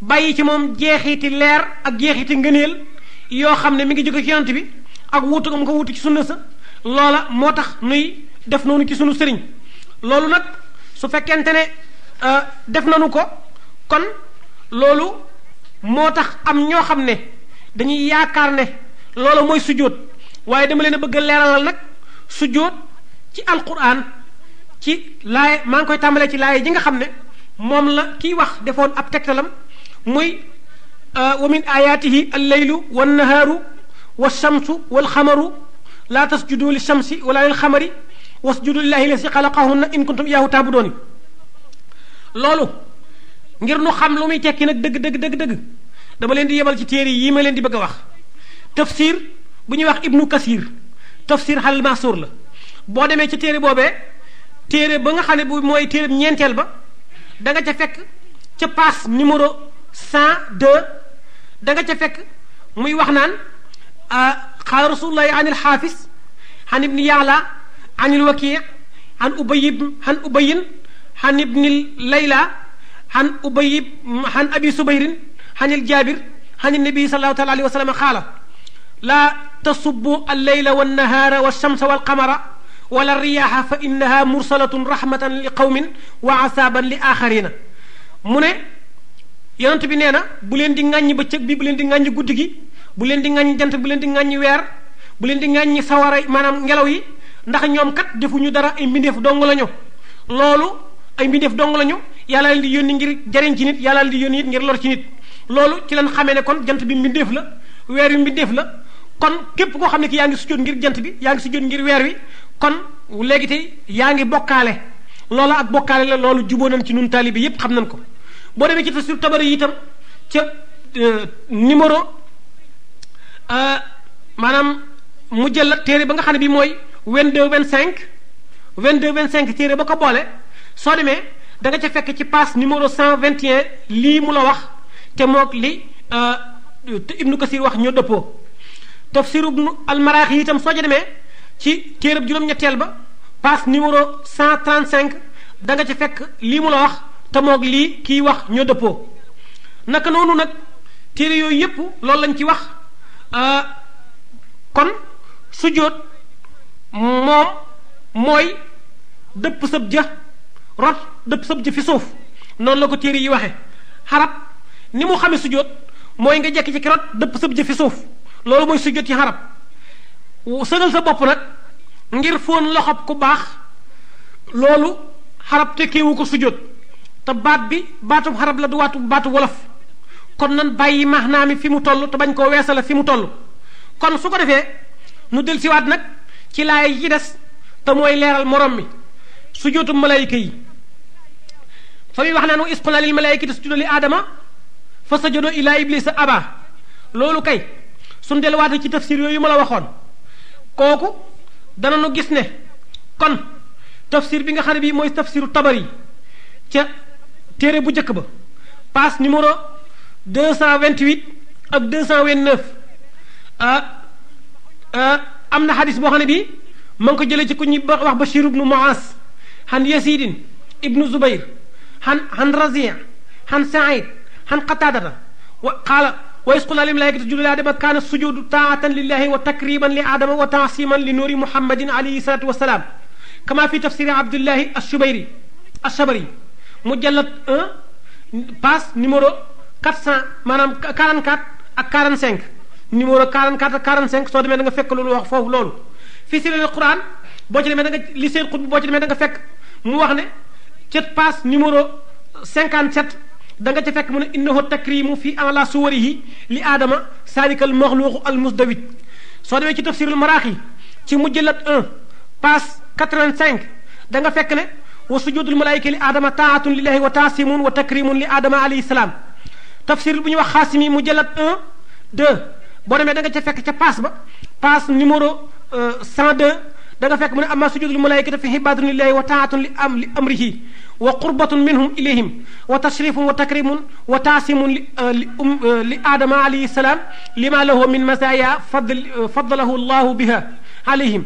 bàyyi ci moom jeexiti leer ak jeexiti ngëneel yoo xam ne mi ngi jóge ci yonent bi ak wutu mu ko wuti ci sunna sa loola moo tax nuy def noonu ci sunu sëriñ loolu nag su fekkente ne Euh, def nañu ko kon loolu moo tax am ñoo xam ne dañuy yaakaar ne loola mooy sujjóot waaye dama leen a bëgg a leeralal nag sujjóot ci alquran ci laay maa ngi koy tàmbalee ci laay ji nga xam ne moom la kiy wax defoon ab tegtalam muy euh, wa min ayaatihi alleylu wannahaaru walchamsu walxamaru laa tasjudu li chamsi wala lil xamari wasjudu lillahi lasi xalaqahunna in kuntum iyaahu taabudoon loolu ngir nu xam lu muy tekki nag dëgg dëgg dëgg dëgg dama leen di yebal ci téere yi may leen di bëgg a wax tafsir bu ñuy wax ibnu kasir tafsir xalil maasur la boo demee ci téere boobee téere ba nga xam ne bu mooy téere ñeenteel ba da nga ca fekk ca paas numéro 102 da nga ca fekk muy wax naan xaala euh, rasulullahi an il xaafis an ibni yaala an il waqi an ubayin an ubayin xan ibni layla xan ubay xan abi subayrin xanil jaabir xanil nabi sallallahu taala alayhi wa sallam qaala laa tasubbu allayla wannahaara walchamsa walqamara wala riyaaxa fa innaha mursalatun rahmatan li qawmin wa asaaban li axarina mu ne yonent bi nee na bu leen di ŋàññi bëccëg bi bu leen di ŋàññi guddi gi bu leen di ŋàññi jant bu leen di ŋàññi weer bu leen di ŋàññi sawara maanaam ngelaw yi ndax ñoom kat defuñu dara ay mbindeef dong la ñu loolu ay mbindeef dong lañu yàlla di di ni ngir jariñ ci nit yàlla leen di yónni ngir lor ci nit loolu ci leen xamee ne kon jant bi mbindeef la weer wi mbindeef la kon képp koo xam ne ki yaa ngi sujjóot ngir jant bi yaa ngi sujjóot ngir weer wi kon léegi tey yaa ngi bokkaale loola ak bokkaale la loolu juboo nañ ci nun taalibe yépp xam nañ ko boo demee ci tafsir Tabari tam ca euh, numéro euh, maanaam mu jël téere ba nga xam ne bi mooy 22 25 22 25 téere ba ko boole soo demee danga ca fekk ci passe numéro 121 lii mu la wax te moog li te euh, ibnu kasir wax ñoo dëppoo tafsir ibnu almaraax yi itam soo ca demee ci téere juróom-ñetteel ba passe numéro 135 da nga ca fekk lii mu la wax te moog lii kiy wax ñoo dëppoo naka noonu nag téere yooyu yépp loolu lañ ci wax euh, kon sujjóot moom mooy dëpp sab ja rot dëpp sëb ji fi suuf non la ko téré yi waxe xarab ni mu xamé sujud moy nga jekki ci rot dëpp sëb ji fi suuf loolu moy sujud ci wu segal sa bop nak ngir fon loxop ku baax harap xarab tekkeewu ko sujud ta bat bi batum xarab la du waatu batu wolof kon nan bayyi fi mu tollu te bañ ko wessala fi mu tollu kon su ko defé nu del wat nak ci laay yi dess ta moy leral morom mi malaika yi fa muy wax naan wa isqulna lil malaikati isjudu li aadama fa sajadu ila iblisa aba loolu kay suñ delluwaatee ci tafsir yooyu ma la waxoon kooku dana dananu gis ne kon tafsir bi nga xam ne bii mooy tafsiru tabari ca téere bu njëkk ba passe numéro 228 ak 229 ah ah am na xadis boo xam ne bii ma ngi ko jëlee ci ku ñuy wax Bachir ibnu Muas xan Yasidin ibnu Zubayr هن هن رزيع هن سعيد هن قتادة قال وإذ قلنا للملائكة اسجدوا لآدم كان السجود طاعة لله وتكريما لآدم وتعصيما لنور محمد عليه الصلاة والسلام كما في تفسير عبد الله الشبيري الشبري مجلد أه؟ باس نمرو 400 مانام 44 ak 45 numéro 44 ak 45 soo demee da nga fekk loolu wax foofu في سير القران leen Qur'an boo ci demee da nga li seen xutb boo ci ca passe numéro 57 da nga ca fekk mu ne innahu takrimu fi ala suwarihi li aadama salikal maxluuqu al musdawit soo demee ci tafsirul maraaxi ci mujjalat 1 passe 85 da nga fekk ne wa sujudul malaayika li aadama taatun lillahi wa taasimun wa takrimun li aadama alayhi salaam tafsir bu ñuy wax xaasimi mujjalat 1 2 boo demee da nga ca fekk ca passe ba passe numéro 102 da nga fekk mu ne amma sujud lil malaikati fi hibadun lillahi wa taatun li am li amrihi wa qurbatun minhum ilayhim wa tashrifun wa takrimun wa tasimun li adam alayhi salam lima lahu min masaya fadl fadlahu allah biha alayhim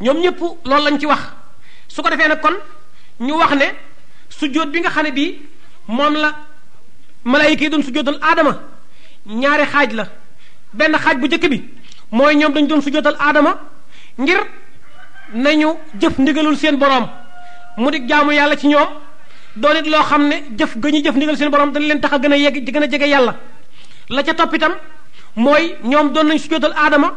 ñom ñep lool lañ ci wax su ko defé nak kon ñu wax ne sujud bi nga xane bi mom la malayka dun sujudul sujjóotal ñaari xaj la ben xaj bu jëk bi moy ñom dañ doon sujudul aadama ngir nañu jëf ndigalul seen borom mu di jaamu yàlla ci ñoom doon it loo xam ne jëf ga ñu jëf ndigal seen borom dana leen tax a gën a yegg gën a jege yàlla la ca topp mooy ñoom doon nañ sujjóotal aadama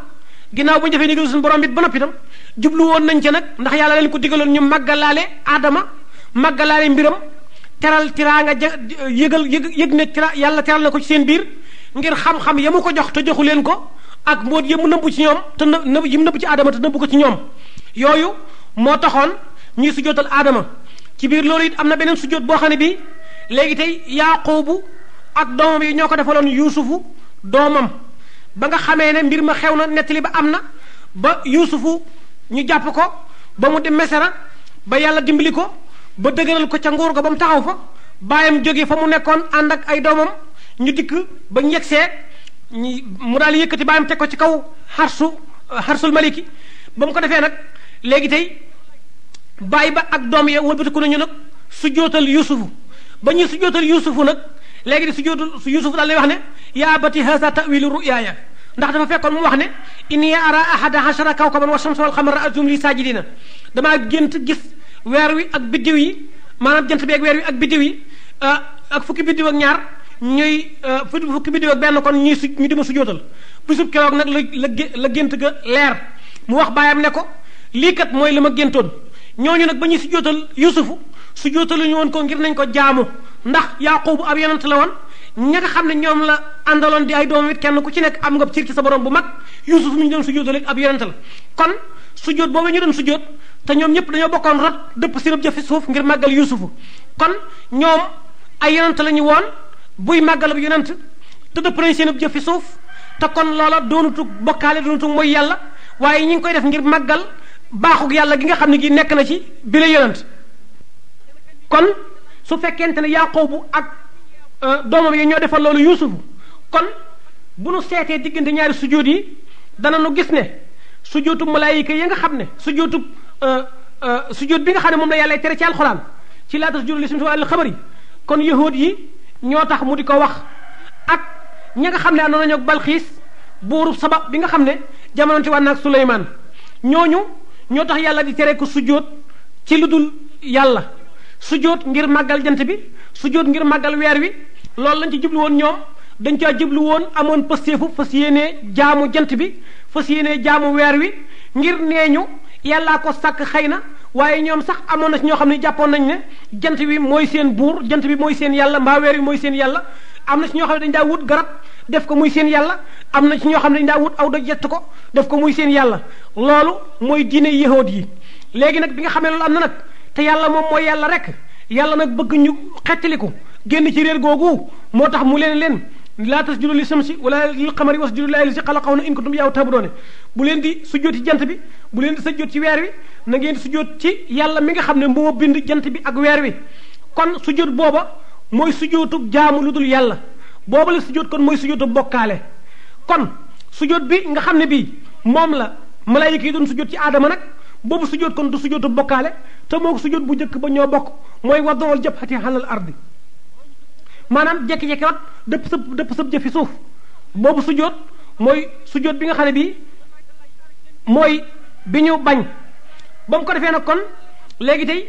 ginnaaw bu ñu defee ndigal seen borom it ba noppi itam jublu woon nañ ca nag ndax yàlla leen ko digaloon ñu màggalaale aadama màggalaale mbiram teral tiraanga ja yëgal yëg yëg ne tira yàlla teral na ko ci seen biir ngir xam-xam ya mu ko jox te joxu leen ko ak mbóot yëpp mu nëbbu ci ñoom te nëbb yi mu nëbbu ci aadama te nëbbu ko ci ñoom yooyu moo taxoon ñuy sujjootal aadama ci biir loolu it am na beneen sujjoot boo xam ne bii léegi tey yaaqoobu ak doomam yi ñoo ko defaloon yuusufu doomam ba nga xamee ne mbir ma xew na nettali ba am na ba yuusufu ñu jàpp ko ba mu dem mesara ba yàlla dimbali ko ba dëgëral ko ca nguur ko ba mu taxaw fa baayam jóge fa mu nekkoon ànd ak ay doomam ñu dikk ba ñu yegsee ñi mu daal yëkkati baayam teg ko ci kaw xarsu euh, xarsul maliki ba mu ko defee nag léegi tey baay ba ak doom ya ku nañu nag su jootal yusufu ba ñuy su jootal yusufu nag léegi di su jootal su yusufu daal lay wax ne yaa bati haza tawilu yaaya ndax dafa fekkoon mu wax ne inni ara ahada achara kawkaban wa shamsa wal qamara ra'aytuhum li saajidina damaa gént gis weer wi ak biddiw yi maanaam jant bi ak weer ak biddiw yi euh, ak fukki biddiw ak ñaar ñuy euh, fukki fukki bidiw ak benn kon ñuy su ñu dima sujootal bisub keroog nag la la gént ga leer mu wax baayam ne ko lii kat mooy li ma géntoon ñooñu nag ba ñuy sujootal yusufu sujootaluñu woon ko ngir nañ ko jaamu ndax yaqubu ab yonent la woon ña nga xam ne ñoom la àndaloon di ay doom it kenn ku ci nekk am nga cir ci sa borom bu mag yusuf mi ñu doon sujootal ab yonent la kon sujjoot boobu ñu doon sujjoot te ñoom ñëpp dañoo bokkoon rot dëpp seen jëf suuf ngir màggal yusufu kon ñoom ay yonent lañu woon buy màggalub yonent te dëpp nañ seen jëf fi suuf te kon loola doonutug bokkaale doonutug mooy yàlla waaye ñi ngi koy def ngir màggal baaxug yàlla gi nga xam ne gi nekk na ci bi la yonent kon su fekkente ne Yaaqoobu ak euh, doomam yi ñoo defal loolu Yuusufu kon bu nu seetee diggante ñaari sujjóot yi dana nu gis ne sujjóotu malaayika yi nga xam ne sujjóotu euh, euh, sujjóot bi nga xam ne moom la yàlla tere ci alxuraan ci laata sujjóotu li suñu wàllu xabar yi kon yahuud ñoo tax mu di ko wax ak ña nga xam ne andoona ñoog balxiis buurub sabab bi nga xam ne jamononte wàn naag suleymaan ñooñu ñoo tax yàlla di tere ko sujjóot ci lu dul yàlla sujjóot ngir màggal jant bi sujjóot ngir màggal weer wi loolu lañ ci jublu woon ñoom dañ caa jublu woon amoon pësteefu fas yéenee jaamu jant bi fës yéenee jaamu weer wi ngir nee ñu yàllaa ko sàkk xëy na waaye ñoom sax amoon na ci ñoo xam ne jàppoon nañ ne jant bi mooy seen buur jant bi mooy seen yàlla mbaa weer bi mooy seen yàlla am na ci ñoo xam ne dañ daa wut garab def ko muy seen yàlla am na ci ñoo xam ne dañ daa wut aw doj jett ko def ko muy seen yàlla loolu mooy diine yahood yi léegi nag bi nga xamee loolu am na nag te yàlla moom mooy yàlla rek yàlla nag bëgg ñu xettaliku génn ci réer googu moo tax mu leen leen laa tas tasjudu li si wala lil qamari si lillaahi lazi xalaqahunna in kuntum iyaahu ta'buduun bu leen di sujjóot ci jant bi bu leen di sujjóot ci weer wi na ngeen sujjóot ci yàlla mi nga xam ne moo bind jant bi ak weer wi kon sujjóot booba mooy sujjóotub jaamu lu dul yàlla booba la sujjóot kon mooy sujjóotub bokkaale kon sujjóot bi nga xam ne bii moom la malaayika yi doon sujjóot ci aadama nag boobu sujjóot kon du sujjóotub bokkaale te moo ko sujjóot bu njëkk ba ñoo bokk mooy wadowal jabhati alal ardi maanaam jekki-jekki wat dëpp sa dëpp sa jëfi suuf boobu sujjóot mooy sujjóot bi nga xam ne bii mooy bi ñu bañ ba mu ko defee na kon léegi tey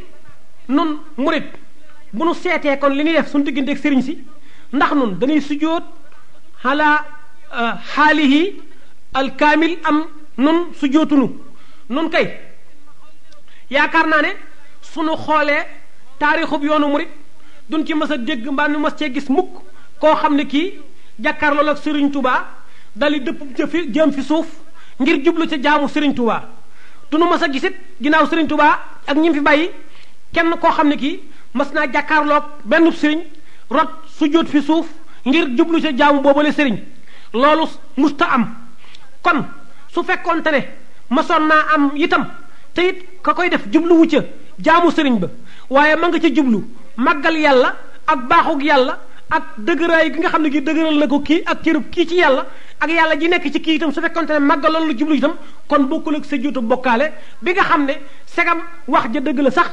nun murit bu nu seetee kon li ñuy def suñ digganteeg sëriñ si ndax nun dañuy sujjóot xalaa euh, xaalihi alkaamil am nun sujjóotunu nun kay yaakaar naa ne sunu xoolee taarixub yoonu murit duñ ci mës a dégg mbaa nu mës cee gis mukk koo xam ne kii jàkkaarloo ak sëriñ tubaa dali dëpp jëm fi suuf ngir jublu ca jaamu sëriñ tubaa du nu mas a gisit ginnaaw sëriñ tubaa ak ñim fi bàyyi kenn koo xam ne kii mës naa jàkkaarloog benn sëriñ rot su jóot fi suuf ngir jublu sa jaamu boobale sëriñ loolu musta am kon su fekkoonte ne masoon naa am itam te it ka koy def jubluwu ca jaamu sëriñ ba waaye ma nga ca jublu màggal yàlla ak baaxug yàlla ak dëgëraay gi nga xam ne gi dëgëral na ko kii ak cërub kii ci yàlla ak yàlla ji nekk ci kii itam su fekkonte ne màggal loolu la jublu itam kon bokkul ak sa juutu bokkaale bi nga xam ne segam wax ja dëgg la sax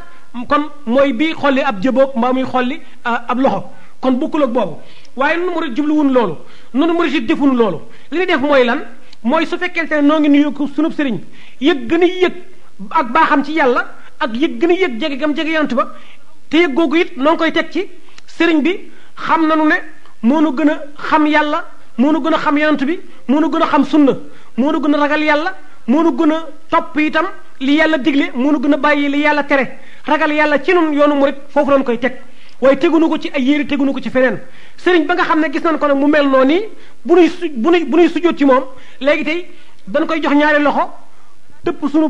kon mooy bii xolli ab jëboog mbaa muy xolli ah, ab loxo kon bukkul ak boobu waaye nunu murit jubluwun loolu nunu murit defun loolu li ñu def mooy lan mooy su fekkente ne noo ngi nuyu ko sunub sëriñ yëg gën yëg ak baaxam ci yàlla ak yëg gën a yëg jege gam jege ba te yëg it noo ngi koy teg ci sëriñ bi xam nañu ne moo nu gën a xam yàlla moo nu gën a xam yonent bi moo nu gën a xam sunna moo nu gën a ragal yàlla moo nu gën a topp itam li yàlla digle moo nu gën a bàyyi li yàlla tere ragal yàlla ci nun yoonu murit foofu lañ koy teg waaye tegunu ko ci ay yére tegunu ko ci feneen sëriñ ba nga xam ne gis nañ ko ne mu mel noonu bu nuy su bu nuy bu nuy sujjóot ci moom léegi tey dañ koy jox ñaari loxo tëpp sunu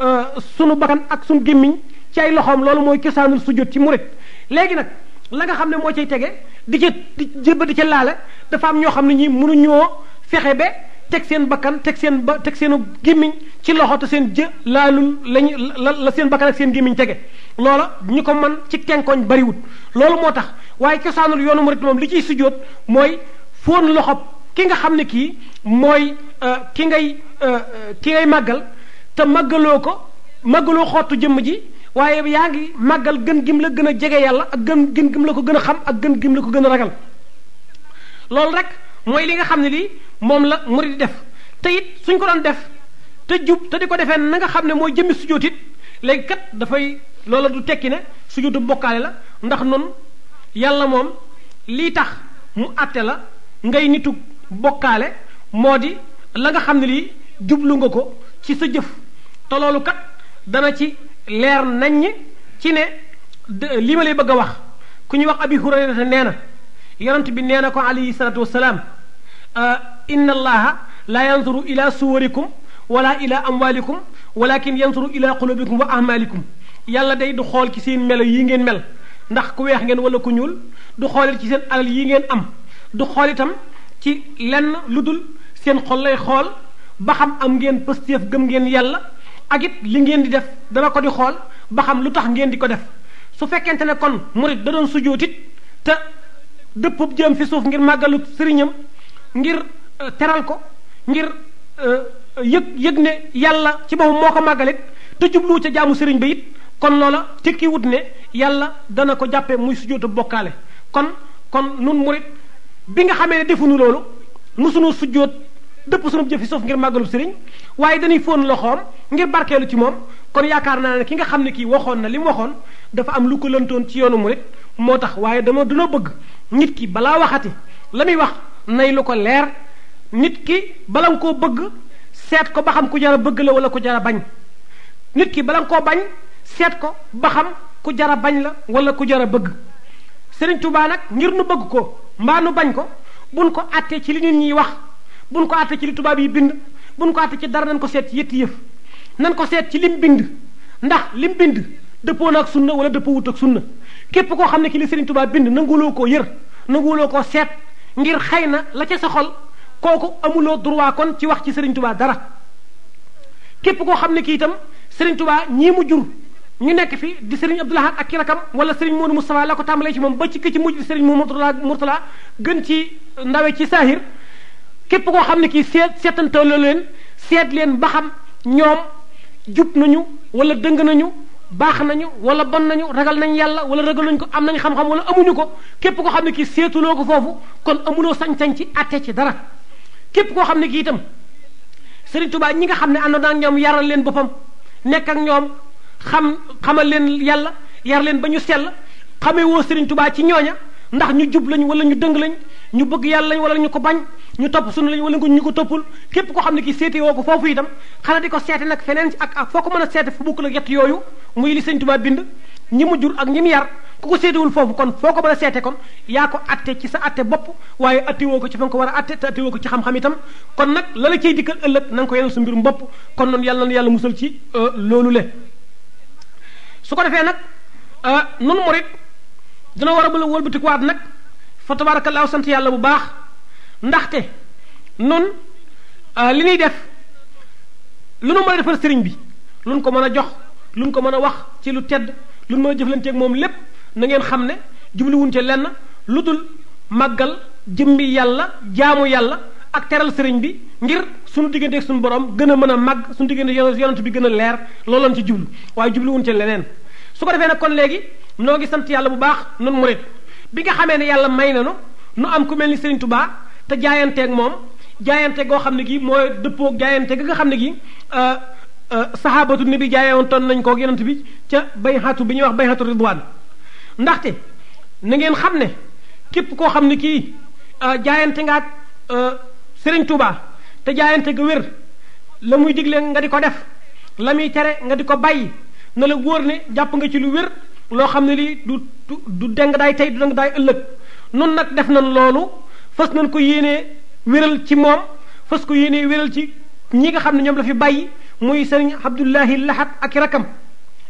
euh, sunu bakkan ak sunu gémmiñ ci loxoom loolu mooy cosaanul sujjóot ci murit léegi nag la nga xam ne moo cay tege di ca di jébba di ca laale dafa am ñoo xam ne ñi mënuñoo fexe ba teg seen bakkan teg seen ba teg seenu gémmiñ ci loxo te seen jë laalul lañu la la seen bakkan ak seen gémmiñ tege loola ñu ko man ci kenkoñ bariwut loolu moo tax waaye cosaanul yoonu murit moom li ciy sujjóot mooy foon loxo ki nga xam ne kii mooy euh, ki ngay euh, euh, ki ngay màggal te màggaloo ko màggaloo xottu jëmm ji waaye yaa ngi màggal gën gim la gën a jege yàlla ak gën gën gim la ko gën a xam ak gën gim la ko gën a ragal loolu rek mooy li nga xam ne lii moom la murid di def te it suñ ko doon def te jub te di ko defee li nga xam ne mooy jëmmi sujjóot it léegi kat dafay loola du tekki ne sujjóotu bokkaale la ndax noonu yàlla moom lii tax mu àtte la ngay nitu bokkaale moo di la nga xam ne lii jublu nga ko ci sa jëf te loolu kat dana ci leer nañ ci ne li ma lay bëgg a wax ku ñu wax abi hurayrata nee na yonent bi nee na ko alayhi salatu wasalaam inna allaha la yanzuru ila suwarikum wala ila amwalikum walakin yanzuru ila qulubikum wa ahmalikum yàlla day du xool ci seen melo yi ngeen mel ndax ku weex ngeen wala ku ñuul du xoolit ci seen alal yi ngeen am du xool itam ci lenn lu dul seen xol lay xool ba xam am ngeen pëstéef gëm ngeen yàlla ak it li ngeen di def dana ko di xool ba xam lu tax ngeen di ko def su fekkente ne kon murit da doon it te dëppub jëm fi suuf ngir màggalu sëriñam ngir euh, teral ko ngir euh, yëg yëg ne yàlla ci boppam moo ko màggalit te jublu ca jaamu sëriñ ba it kon loola tekki ne yàlla dana ko jàppe muy sujootu bokkaale kon kon nun murit bi nga xamee ne defuñu loolu musunu sujoot dëpp sunu jëfi suuf ngir màggalu sëriñ waaye dañuy fóon loxoom ngir barkeelu ci moom kon yaakaar naa ne ki nga xam ne kii waxoon na li waxoon dafa am lu ko lëntoon ci yoonu murit moo tax waaye dama duna bëgg nit ki balaa waxati la muy wax nay lu ko leer nit ki bala nga koo bëgg seet ko ba xam ku jar a bëgg la wala ku jar a bañ nit ki bala nga koo bañ seet ko ba ku jar a bañ la wala ku jar a bëgg Sëriñ tubaa nag ngir nu bëgg ko mbaa nu bañ ko buñ ko àttee ci li nit ñiy wax bun ko àtte ci li tubaab yi bind buñ ko àtte ci dara nañ ko seet ci yetti yëf nan ko seet ci lim bind ndax lim bind dëppoo na ak sunna wala dëppoo wut ak sunna képp koo xam ne ki li Serigne Touba bind nanguwuloo koo yër nanguwuloo koo seet ngir xëy na la ca sa kooku amuloo droit kon ci wax ci Serigne Touba dara képp koo xam ne ki itam Serigne Touba ñii mu jur ñu nekk fi di Serigne Abdoul Ahad ak ki rakam wala Serigne Modou Moustapha la ko tàmbalee ci moom ba ci ki ci mujj di Serigne Mourtala gën ci ndawe ci saahir képp koo xam ne kii seet seetantoo la leen seet leen ba xam ñoom jub nañu wala dëng nañu baax nañu wala bon nañu ragal nañ yàlla wala ragal nañ ko am nañu xam-xam wala amuñu ko képp koo xam ne kii seetuloo ko foofu kon amuloo sañ-sañ ci atte dara képp koo xam ne kii itam Serigne Touba ñi nga xam ne àndoon ak ñoom yaral leen boppam nekk ak ñoom xam xamal leen yàlla yar leen ba ñu sell xamee woo Serigne Touba ci ñooña ndax ñu jub lañ walla ñu dëng lañ ñu bëgg yàlla lañu wala ñu ko bañ ñu topp sunu lañ wala ñu ko toppul képp koo xam ne kii seete woo ko foofu itam xanaa di ko seete nag feneen ak ak foo ko mën a seete fu bukk la yett yooyu muy li sëñ Tuubaa bind ñi mu jur ak ñi mu yar ku ko seetewul foofu kon foo ko mën a seete kon yaa ko atte ci sa atte bopp waaye atte woo ko ci fa nga war a atte te ko ci xam-xam itam kon nag la la cay dikkal ëllëg na ko yenal su mbirum bopp kon noonu yàlla na yàlla musal ci euh, loolu le su ko defee nag euh, nunu murit dina war a bëla wëlbatikuwaat nag fa tabaarakallaahu sant yàlla bu baax ndaxte nun euh, li ñuy def lu nu mën a defal sëriñ bi lu ko mën a jox lu ko mën a wax ci lu tedd lu nu mën a jëflanteeg moom lépp na ngeen xam ne jubluwuñ ca lenn lu dul màggal jëmbi yàlla jaamu yàlla ak teral sëriñ bi ngir suñu digganteeg suñu borom gën a mën a màgg suñu diggante yonent bi gën a leer looloon ci jublu waaye jubluwuñ ca leneen su ko defee nag kon léegi noo ngi sant yàlla bu baax nun murit bi nga xamee ne yàlla may nanu nu am ku mel ni sëriñ Tubaa te jaayanteeg moom jaayante goo xam ne kii mooy dëppoo jaayante gi nga xam ne gi euh, euh, sahabatu nabi jaayantoon nañ ko yonent bi ca bayxatu bi ñuy wax bayxatu ridwaan ndaxte na ngeen xam ne képp koo xam ne kii euh, jaayante nga ak Serigne tuuba te jaayante ga wér la muy digle nga di ko def la muy tere nga di ko bay na la wóor ne jàpp nga ci lu wér loo xam ne lii du du deng daay tey du deng daay ëllëg noonu nag def nañ loolu fas nañ ko yéenee wéral ci moom fas ko yéenee wéral ci ñi nga xam ne ñoom la fi bàyyi muy sëriñ Abdullahi Lahat ak rakam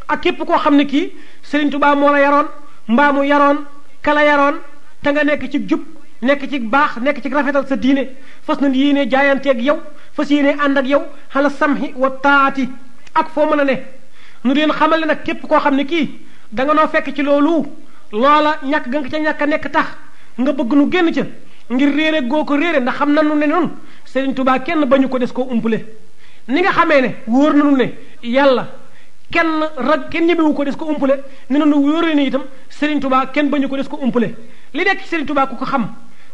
ak képp koo xam ne kii sëriñ Tuubaa moo la yaroon mbaa yaroon kala yaroon te nga nekk ci jub nekk ci baax nekk ci rafetal sa diine fas nañ yéenee jaayanteeg yow fas yéenee ànd ak yow xala samhi wa taati ak foo mën a ne nu leen xamale nag képp koo xam ne kii da nga noo fekk ci loolu loola ñàkk ga nga ca ñàkk a nekk tax nga bëgg nu génn ca ngir réer goo ko réere ndax xam nanu ne noonu Serigne Touba kenn bañu ko des koo umpale ni nga xamee ne wóor nanu ne yàlla kenn rag kenn ñemewu ko des ko umpale ni nanu wóoree ni itam Serigne tubaa kenn bañu ko des ko umpale li nekk ci Serigne ku ko xam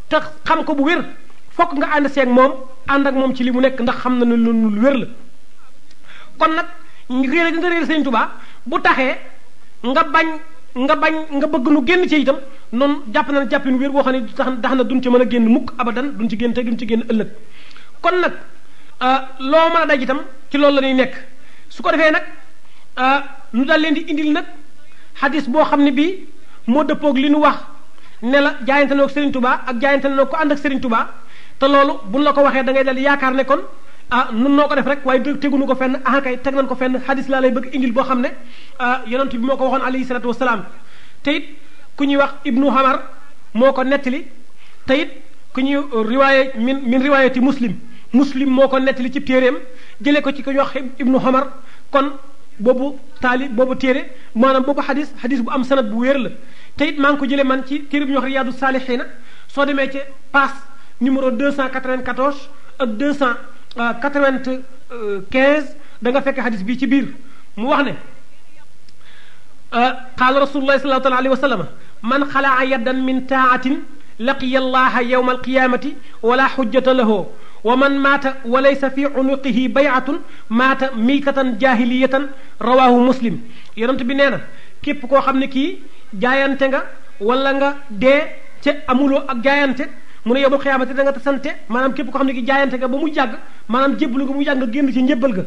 te xam ko bu wér fokk nga ànd seeg moom ànd ak moom ci li mu nekk ndax xam na ne lu wér la kon nag réere dina réer Serigne Touba bu taxee nga bañ nga bañ nga bëgg nu génn ci itam noonu jàpp na jàppin wér boo xam ne tax dax na duñ ci mën a génn mukk abadan duñ ci génn te duñ ci génn ëllëg kon nag euh, loo mën a daj itam ci loolu la ñuy nekk su ko defee nag euh, nu dal leen di indil nag xadis boo xam ne bii moo dëppoog li nu wax ne la jaayante noog Serigne Touba ak jaayante noog ko ànd ak Serigne Touba te loolu buñ la ko waxee da ngay dal yaakaar ne ah nun noo ko def rek waaye tegunu ko fenn ah kay teg nañ ko fenn xadis laa lay bëgg indil boo xam ne ah yonent bi moo ko waxoon alayhi salatu wasalaam te ku ñuy wax ibnu hamar moo ko nettali te it ku ñuy uh, riwaaye min min riwaayati muslim muslim moo ko nettali ci téeréem jëlee ko ci ku ñuy wax ibnu hamar kon boobu taali boobu téere maanaam boobu xadis xadis bu am sanad bu wéer la te it maa ngi ko jëlee man ci téere bu ñuy wax riyaadu saalixiina soo demee ci paas numéro 294 ak 200 Euh, quatre-vingt-quinze da nga fekk xadis bi ci biir mu wax ne euh, qaala rasulullahi sallallahu taala alayhi wa sallama man xalaa yaddan min taatin laqiya allaha yowma alqiyamati wala xujjata lahoo wa man maata wa laysa fi unuqihi bayatun maata milkatan jahiliyatan rawahu muslim yonent bi nee na képp koo xam ne kii jaayante nga wala nga dee ca amuloo ak jaayante mu ne yow ba xiyaamati da nga tasante maanaam képp ko xam ne ki jaayante nga ba mu jàgg maanaam jébbalu nga mu jàgg nga génn ci njébbal ga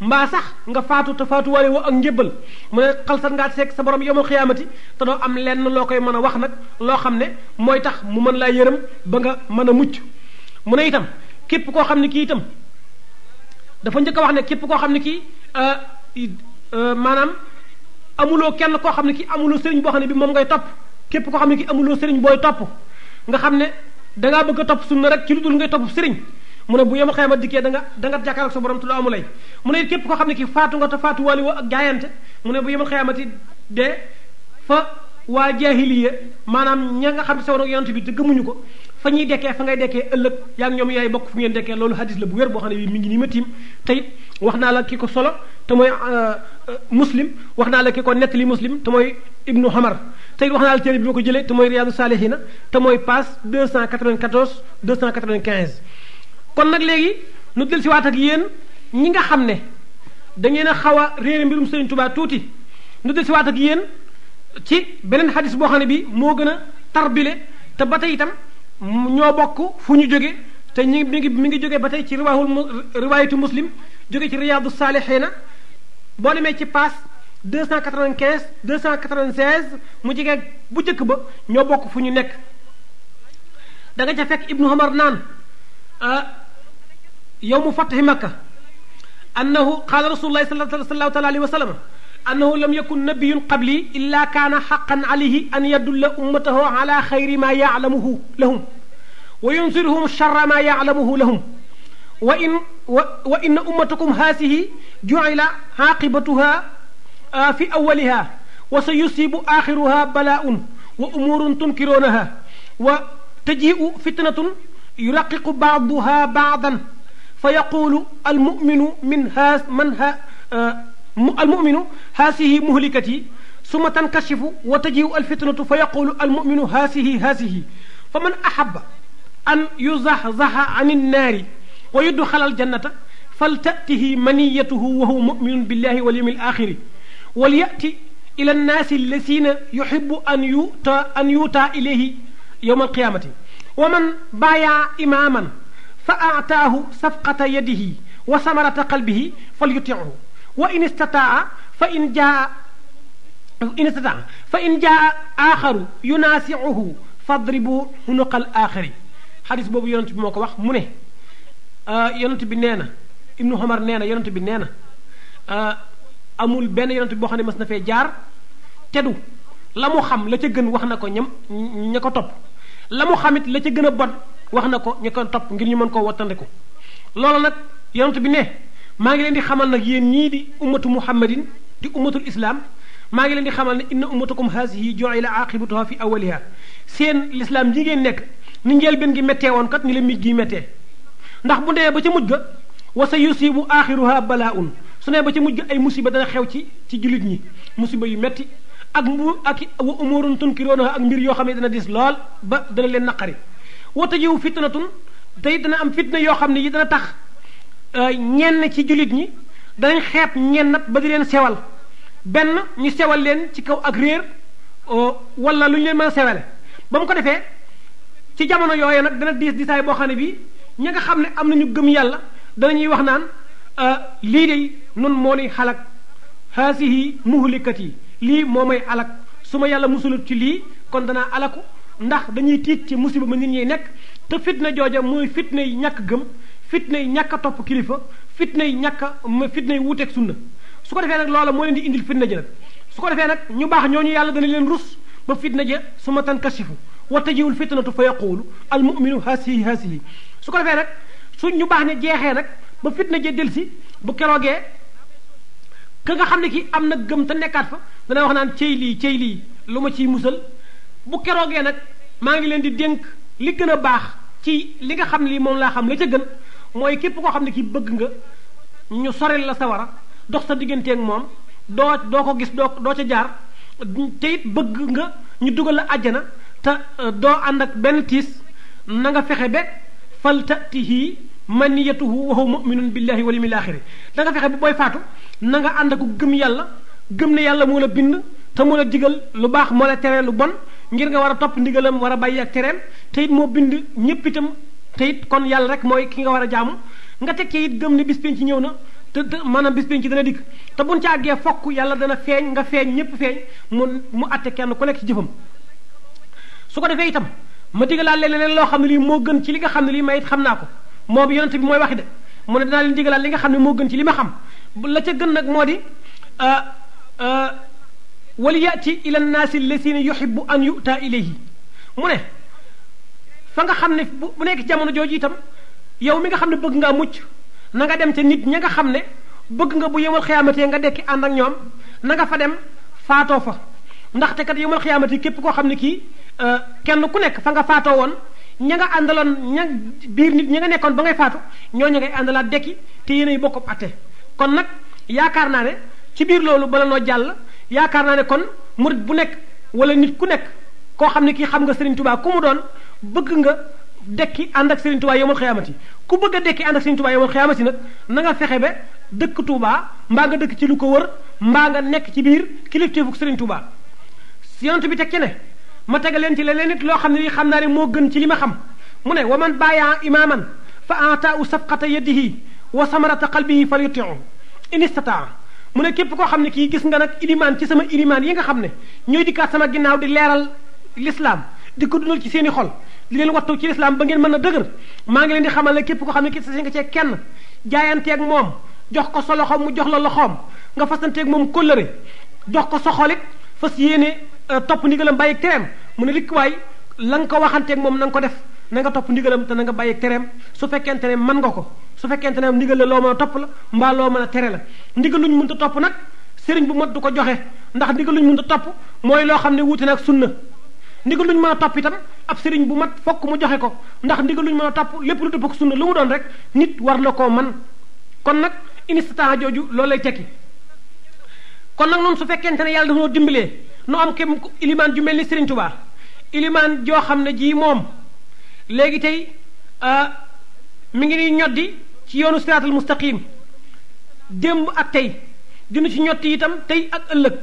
mbaa sax nga faatu te faatuwaale woo ak njébbal mu ne xalsat ngaa seek sa borom yomal xiyaamati te doo am lenn loo koy mën a wax nag loo xam ne mooy tax mu mën laa yërëm ba nga mën a mucc mu ne itam képp koo xam ne kii itam dafa njëkk a wax ne képp koo xam ne kii euh, euh, maanaam amuloo kenn koo xam ne kii amuloo sëriñ boo xam ne bi moom ngay topp képp koo xam ne kii amuloo sëriñ booy topp nga xam ne danga ngaa bëgg a topp sunna rek ci lu dul ngay topp sëriñ mu ne bu yema xayma dikkee da danga da nga jàkkaarloog sa borom te loo amu lay mu ne képp koo xam ne ki faatu nga te faatu wali woo ak jaayante mu ne bu yema xayamati de fa waa jaahiliya maanaam ña nga xam ne sa woon yonent bi te gëmuñu ko fa ñuy dekkee fa ngay dekkee ëllëg yaa ñoom yaay bokk fu ngeen dekkee loolu hadis la bu wér boo xam ne bi mi ngi nii ma tiim te wax naa la ki ko solo آه، آه، مسلم وحنا لا كيكو نتلي مسلم تموي ابن حمر تاي وخنا لا تيري بيكو جيلي تموي رياض الصالحين تموي باس 294 295 كون نك لغي نودل سي واتك يين نيغا خامني دا نينا خاوا ريري تي بنن حديث بو خاني بي مو غنا تربيله تا باتاي تام ño bokk fu ñu jóge te ñi mi ngi boo demee ci paas 295 296 mu jege bu jëkk ba ñoo bokk fu ñu nekk da nga ca fekk ibnu xamar naan yowmu fatahi makka annahu qaala rasulullahi sallallahu taala alayhi wa sallam أنه لم يكن نبي قبلي إلا كان حقا عليه أن يدل أمته على خير ما يعلمه لهم وينذرهم شر ما يعلمه لهم وإن وإن أمتكم هذه جعل عاقبتها آه، في أولها وسيصيب آخرها بلاء وأمور تنكرونها وتجيء فتنة يرقق بعضها بعضا فيقول المؤمن من هاس من ها آه، المؤمن هذه مهلكتي ثم تنكشف وتجيء الفتنة فيقول المؤمن هذه هذه فمن أحب أن يزحزح عن النار ويدخل الجنة فلتأته منيته وهو مؤمن بالله واليوم الآخر وليأتي إلى الناس الذين يحب أن يؤتى أن يؤتى إليه يوم القيامة ومن بايع إماما فأعطاه صفقة يده وثمرة قلبه فليطعه وإن استطاع فإن جاء إن استطاع فإن جاء آخر يناسعه فاضربوا عنق الآخر حديث بوبي يونس بموكو واخ منه yonent bi nee na ibnu Omar nee na yonent bi nee na amul benn yonent boo xam ne mas na fee jaar teddu la mu xam la ca gën wax na ko ñam ña ko topp la mu xamit la ca gën a bon wax na ko ña ko topp ngir ñu mën koo wattandiku loolu nag yonent bi ne maa ngi leen di xamal nag yéen ñii di ummatu muhammadin di ummatul islam maa ngi leen di xamal ne inna ummatakum haasihi joila aqibatuha fi awaliha seen lislaam ji ngeen nekk ni njëlbeen gi méttee woon kat ni la mij gi méttee ndax bu ndee ba ca mujj ga wa sa yusibu axiruha balaaun su nee ba ca mujj ga ay musiba dana xew ci ci julit ñi musiba yu metti ak mu ak wa umurun tunkiroona ak mbir yoo xam ne dana dis lool ba dana leen naqari wa tajiw fitnatun day dana am fitna yoo xam ne yi dana tax ñenn ci julit ñi danañ xeeb ñennat ba di leen sewal benn ñu sewal leen ci kaw ak réer wala lu ñu leen mën a sewale ba mu ko defee ci jamono yooyu nag dana diis diisaay boo xam ne bii ña nga xam am nañu gëm yàlla dañuy wax naan euh li day nun moo nuy xalak haasihi muhlikat yi lii alak suma yàlla musulut ci li kon dana alaku ndax dañuy tiit ci musiba ma nit ñi nek te fitna jooja moy fitna yi ñak gëm fitna yi ñàkk top kilifa fitna yi ñàkk fitna yi wutek sunna su ko defé nak loolu mo leen di indil fitna ji nag su ko defé nak ñu bax ñoñu yàlla dana leen rus ba fitna ja suma tankasifu wa tajiwul fitnatu fa yaquulu almuminu haasihi haasihi su ko defee nag su ñu baax ne jeexee nag ba fitna jee delsi bu keroogee ka nga xam ne kii am na gëm te nekkaat fa dana wax naan cey lii cey lii lu ma ciy musal bu keroogee nag maa ngi leen di dénk li gën a baax ci li nga xam ne lii moom laa xam la ca gën mooy képp koo xam ne kii bëgg nga ñu soril la sawara dox sa digganteeg moom doo doo ko gis doo doo ca jaar te it bëgg nga ñu dugal a àjjana te euh, doo ànd ak benn tiis na nga fexe ba fal ni maniyatuhu wa huwa muminun billahi wal yawmil axiri da nga fexe bu booy faatu nanga ànd ak gëm yàlla gëm ne yàlla moo la bind te moo la digal lu baax moo la tere lu bon ngir nga war a topp ndigalam war a bàyyi ak tereem te moo bind ñépp itam te it kon yàlla rek mooy ki nga war a jaamu nga teg ci it gëm ne bis penc ñëw na te te a bis penc dana dikk te buñ ci àggee fokk yàlla dana feeñ nga feeñ ñépp feeñ mu mu atte kenn ku nekk ci jëfam su ko defee itam ma digalal leneen loo xam ne lii moo gën ci li nga xam ne lii may it xam naa ko moom yonent bi mooy waxi de mu ne dinaa leen digalal li nga xam ne moo gën ci li ma xam la ca gën nag moo di wal yaati ila nnaasi allasina yuhibbu an yuta ilayhi mu ne fa nga xam ne bu nekk jamono jooju itam yow mi nga xam ne bëgg ngaa mucc na nga dem ca nit ña nga xam ne bëgg nga bu yemal xiyaamatee nga dekki ànd ak ñoom na nga fa dem faatoo fa ndaxte kat yemal xiyaamatee képp koo xam ne kii Euh, kenn ku nekk fa nga faatoo woon ña nga àndaloon ña biir nit ña nga nekkoon ba ngay faatu ñooñu ngay àndalaat dekki te yéenay bokk ab atte kon nag yaakaar naa ne ci biir loolu bala noo jàll yaakaar naa ne kon murit bu nekk wala nit ku nekk koo xam ne kii xam nga Serigne Touba ku mu doon bëgg nga dekki ànd ak Serigne Touba yawmal xiyaamati ku bëgg a dekki ànd ak Serigne Touba yawmal xiyaamati nag nanga fexe ba dëkk Touba mbaa nga dëkk ci lu ko wër mbaa nekk ci biir kilifteefu Serigne Touba yonent bi teg ci ma tegaleen ci leneen it loo xam ne li xam naa ne moo gën ci li ma xam mu ne wa man bàyya imaaman fa ataa u safqata yadihi wa samarata qalbihi falyutiu in istataa mu ne képp koo xam ne kii gis nga nag ilimaan ci sama ilimaan yi nga xam ne ñooy dikkaat sama ginnaaw di leeral lislaam di ko dundal ci seeni xol di leen wattu ci lislaam ba ngeen mën a dëgër maa ngi leen di xamal ne képp koo xam ne kii sasi nga cee kenn jaayanteeg moom jox ko sa loxoom mu jox la loxoom nga fasanteeg moom kóllëre jox ko soxolit fas yéene Euh, topp ndigalam bàyyi tereem mu ne rikk waay la nga ko waxanteeg moom na nga ko def na nga topp ndigalam te na nga bàyyi tereem su fekkente ne mën nga ko su fekkente ne ndigal la loo mën a topp la mbaa loo a tere la ndigal luñ mënta topp nag sëriñ bu mot du ko joxe ndax ndigal luñ mënta topp mooy loo xam ne wuute nag sunna ndigal luñ mën a itam ab sëriñ bu mat fokk mu joxe ko ndax ndigal luñ mën a topp lépp lu dëpp ak sunna lu mu doon rek nit war na koo man kon nag inistata jooju loolu lay tekki kon nag noonu su fekkente ne yàlla dafa noo dimbalee nu am kem ilimaan ju mel ni Serigne Touba ilimaan joo xam ne jii moom léegi tey mu ngi nii ñoddi ci yoonu siraatal mustaqim démb ak tey dina ci ñotti itam tey ak ëllëg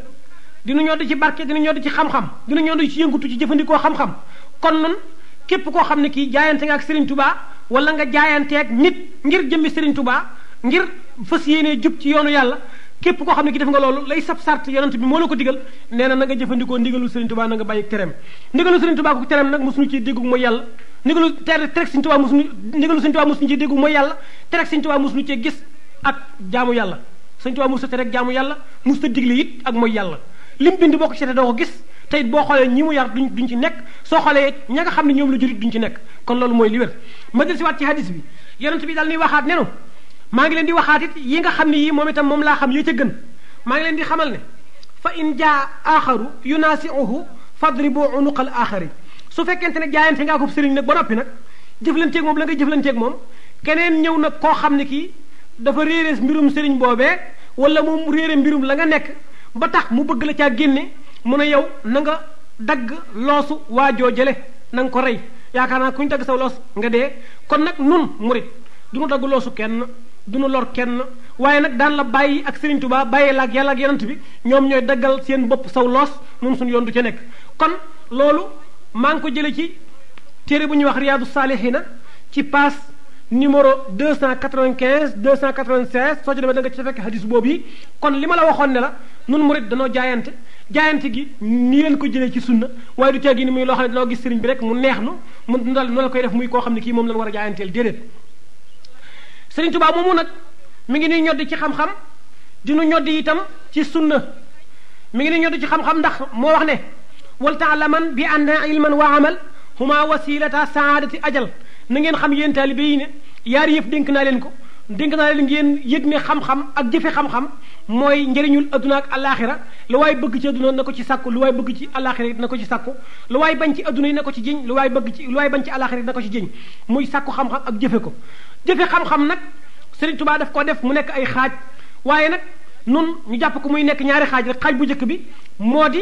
dinu ñoddi ci barke dinu ñoddi ci xam-xam dinu ñoddi ci yëngutu ci jëfandikoo xam-xam kon nun képp koo xam ne kii jaayante nga ak sëriñ Touba wala nga jaayanteeg nit ngir jëmbi sëriñ Touba ngir fas yéenee jub ci yoonu yàlla képp koo xam ne ki def nga loolu lay sab sart yonent bi moo la ko digal nee na na nga jëfandikoo ndigalu Serigne Touba na nga bàyyi tereem ndigalu Serigne Touba ko tereem nag mosuñu ciy déggu mooy yàlla ndigalu tere tereg Serigne Touba mosuñu ndigalu Serigne Touba mosuñu ciy déggu mooy yàlla tereg Serigne Touba mosuñu cee gis ak jaamu yàlla Serigne Touba mosuta tereg jaamu yàlla mosuta digle it ak mooy yàlla lim bind boo ko seete doo ko gis te boo xoolee ñi mu yar duñ duñ ci nekk soo xoolee ña nga xam ne ñoom la jurit ci nekk kon loolu mooy li wér ma del si waat ci bi yonent bi daal waxaat nenu maa ngi leen di waxaat it yi nga xam ne yii moom itam moom laa xam yoo ca gën maa ngi leen di xamal ne fa in jaa aaxaru yunaasiuhu fadribu unuqal aaxari su fekkente ne jaayante nga ko sëriñ nag ba noppi nag jëflanteeg moom la nga jëflanteeg moom keneen ñëw nag koo xam ne kii dafa réere mbirum sëriñ boobee wala moom réere mbirum la nga nekk ba tax mu bëgg la caa génne mun a yow nanga nga dagg loosu waa joojale na nga ko rey yaakaar naa ku ñu dagg saw loos nga dee ko nag nun murit du nu dagg loosu kenn du nu lor kenn waaye nag daan la bàyyi ak Serigne Touba bàyyi la ak yàlla ak yonent bi ñoom ñooy daggal seen bopp saw loos nun suñu yoon du ci nekk. kon loolu maa ngi ko jëlee ci téere bu ñuy wax Riyadou Salihina ci paas numéro 295 296 soo ci demee da nga ci fekk hadis boobu yi kon li ma la waxoon ne la nun murid danoo jaayante. jaayante gi nii leen ko jëlee ci sunna waaye du teg gi ni muy loo xam ne danoo gis sëriñ bi rek mu xam ne kii moom lañ war a jaayanteel déedéet Serigne Touba moomu nag mi ngi nuy ñoddi ci xam-xam di nu ñoddi itam ci sunna mi ngi nuy ñoddi ci xam-xam ndax moo wax ne wal taalaman bi anna ilman wa amal huma wasilata saadati ajal na ngeen xam yéen taalibe yi ne yaari yëf dénk naa leen ko dénk na leen ngeen yëg ne xam-xam ak jëfe xam-xam mooy njëriñul aduna ak alaxira lu waay bëgg ci aduna na ko ci sàkku lu waay bëgg ci alaxira it na ko ci sàkku lu waay bañ ci aduna yi na ko ci jëñ lu waay bëgg ci lu waay bañ ci alaxira it na ko ci jëñ muy sàkku xam-xam ak jëfe ko jëfe xam-xam nag Serigne Touba daf ko def mu nekk ay xaaj waaye nag nun ñu jàpp ko muy nekk ñaari xaaj rek xaaj bu njëkk bi moo di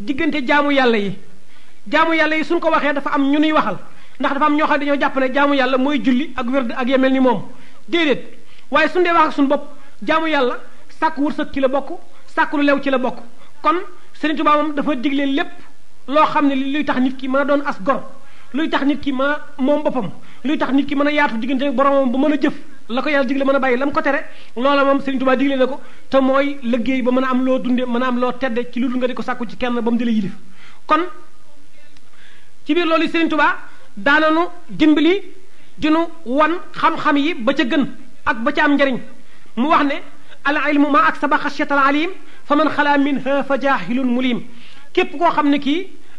diggante jaamu yàlla yi jaamu yàlla yi suñ ko waxee dafa am ñu nuy waxal ndax dafa am ñoo xam ne dañoo jàpp ne jaamu yàlla mooy julli ak wérd ak yemel ni moom déedéet waaye suñ dee wax ak suñu bopp jaamu yàlla sàkk wërsëg ci la bokk sàkk lu lew ci la bokk kon Sëriñ Tuubaa moom dafa digle lépp loo xam ne luy tax nit ki mën a doon as gor luy tax nit ki mën a moom boppam luy tax nit ki mën a yaatu diggante boromam ba mën a jëf la ko yàlla digle mën a bàyyi la mu ko tere loola moom Sëriñ Tuubaa digle na ko te mooy liggéey ba mën a am loo dunde mën a am loo tedde ci lu dul nga di ko sàkku ci kenn ba mu di la biir loolu Sëriñ Tuubaa daananu dimbali جنو وان خم خمي بتجن أك بتجام جرين موهنة على علم ما أكسب خشية العليم فمن خلا منها فجاهل مليم كيف قو خم نكي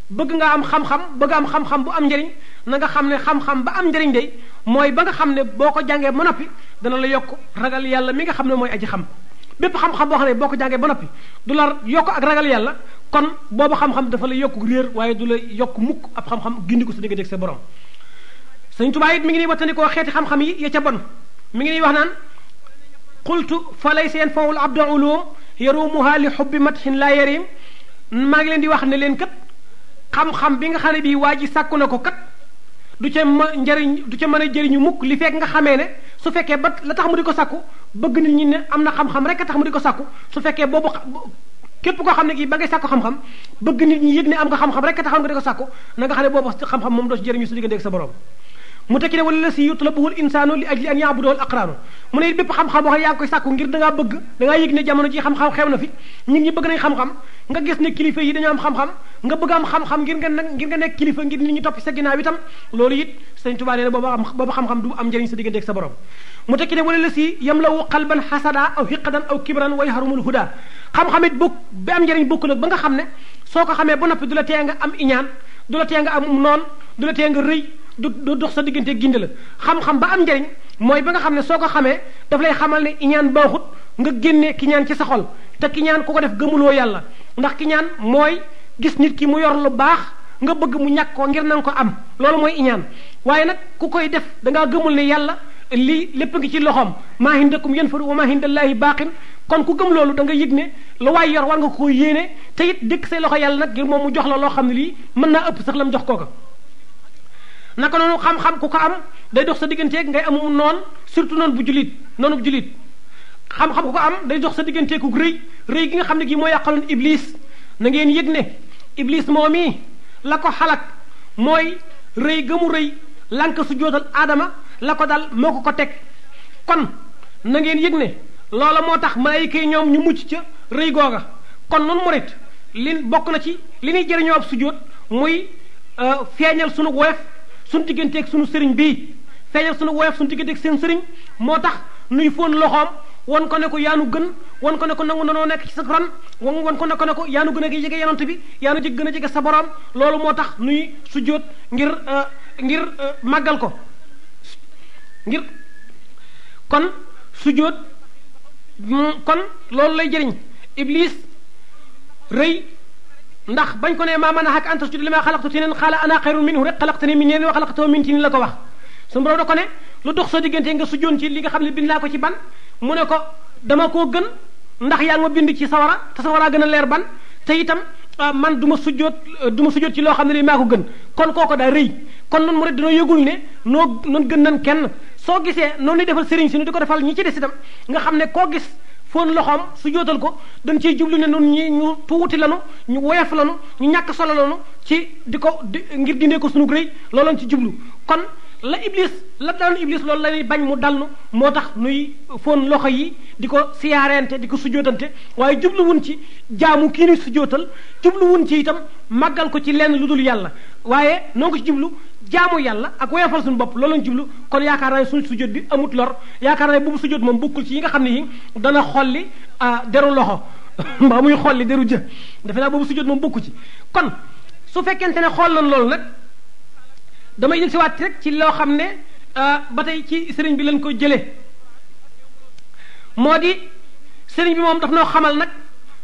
بعنا أم خم خم بعنا أم خم خم بو أم جرين نعنا خم نه خم خم بأم جرين داي موي بعنا خم نه بوك جانج منافي دنا ليوك رجال يالله ميجا خم نه موي أجي خم بيب خم خم بوهنة بوك جانج منافي دولار يوك رجال يالله kon boobu xam-xam dafa la yokk réer waaye du la yokk mukk ab xam-xam gindi sëñ tubaa it mi ngi nii wattandikoo xeeti xam-xam yi ya ca bon mi ngi nii wax naan qultu fa laysa yanfaul abda ulum yarumuha li xubbi matxin laa yarim maa ngi leen di wax ne leen kat xam-xam bi nga xam ne bii waa ji sàkku na ko kat du ca ma njëriñ du ca mën a jëriñu mukk li fekk nga xamee ne su fekkee ba la tax mu di ko sàkku bëgg nit ñi ne am na xam-xam rek a tax mu di ko sàkku su fekkee boobu képp koo xam ne kii ba ngay sàkku xam-xam bëgg nit ñi yëg ne am nga xam-xam rek a tax nga di ko sàkku na nga xam ne boobu xam-xam moom doo ci jëriñu su diggante ak sa borom mu wala la si yutlabuhu al insanu li ajli an yaabudahu al aqran mune bépp xam-xam wax ya koy sàkku ngir da nga bëgg da nga yegg ne jamono ci xam-xam xewna fi nit ñi bëgg nañ xam-xam nga gis ne kilifa yi dañu am xam-xam nga bëgg am xam-xam ngir nga ngir nga nek kilifa ngir nit ñi top sa ginaaw itam loolu yit sëñ Tuubaa nee na booba am booba xam-xam du am jëriñ sa digënde ak sa borom mu wala la si yam qalban hasada aw hiqdan aw kibran way harumul huda xam-xam it bokk bi am jëriñ bokku nak ba nga xam ne soo ko xamee ba noppi du nga am iñaan dula la nga am non dula la tee nga rëy do dox sa digënté ginde la xam-xam ba am jëriñ moy ba nga xamné soko xamé ko xamee daf lay xamal né iñaan baaxut nga génné ki ñaan ci sa xol té ki ñaan ku ko def wo yalla ndax ki ñaan moy gis nit ki mu yor lu baax nga bëgg mu ñak ko ngir nang ko am loolu moy iñaan waaye nak ku koy def da nga gëmul né yalla li lepp ngi ci loxom ma hindakum yanfuru wa ma hindallahi baqin kon ku gëm loolu da nga yëg ne lu waay yor war nga ko yéene te yit say loxo yalla nak ngir mom mu jox la lo xamni li sax lam jox koka naka noonu xam-xam ku ko am day dox sa digganteeg ngay amum noon surtout noonu bu julit noonu bu julit xam-xam ku ko am day dox sa digganteeku rëy rëy gi nga xam ne gii moo yàqaloon iblis na ngeen yëg ne ibliis moom mii la ko xalak mooy rëy ga mu rëy lank su jootal aadama la ko dal moo ko ko teg kon na ngeen yëg ne loola moo tax malaayika yi ñoom ñu mucc ca rëy googa kon noonu murit li bokk na ci li ñuy jëriñoo ab sujjóot muy euh, feeñal sunu woyof suñu digganteeg suñu sëriñ bii feeñal suñu woyof suñu digganteeg seen sëriñ moo tax nuy foon loxoom won ko ne ko yaanu gën wan ko ne ko nangu nanoo nekk ci sa ron wan wan ko ne ko ne ko yaanu gën a jege yonent bi yaanu gën a jege sa borom loolu moo tax nuy sujjóot ngir euh, ngir euh, màggal ko ngir kon sujjóot mm, kon loolu lay jëriñ iblis rëy ndax bañ ko ne maa mën a xaq anta sujud li ma xalaqtu tinin xaala ana xayrun minhu rek xalaqtani min yéen wa xalaqtoo min tinin la ko wax suñu ko ne lu dox sa diggante nga sujjoon ci li nga xam ne bind naa ko ci ban mu ne ko dama koo gën ndax yaa ngi ma bind ci sawara te sawara gën a leer ban te itam ah, man du ma sujjoot du ma sujjoot ci loo xam ne li maa ko gën kon kooko daa rëy kon noonu mu rek dina yëgul ne noo noonu gën nan kenn soo gisee noonu defal sëriñ si ñu di ko defal ñi ci des itam nga xam ne koo gis fóon loxoom su jootal ko dañ ciy jublu ne nun ñi ñu tuuti lanu ñu woyof lanu ñu ñàkk solo lanu ci di ko ngir gindee ko sunu loolu looloon ci jublu kon la iblis la daan iblis loolu lay bañ mu dallu moo tax nuy fóon loxo yi di ko siyaareente di ko sujootante waaye jubluwun ci jaamu kii nuy sujootal jubluwun ci itam màggal ko ci lenn lu dul yàlla waaye noo ko ci jublu jaamu yàlla ak woyofal suñ bopp loolu lañ jublu kon yaakaar naa ne suñ sujjóot bi amut lor yaakaar naa ne bu mu sujjóot moom bokkul ci yi nga xam ne yi dana xolli ah, deru loxo <laughs> mbaa muy xolli deru jë defe naa boobu sujjóot moom bokku ci kon su fekkente ne xool nañ loolu nag damay jël si waat rek ci loo xam ne ah, ba tey ci sëriñ bi lañ ko jëlee moo di sëriñ bi moom daf noo xamal nag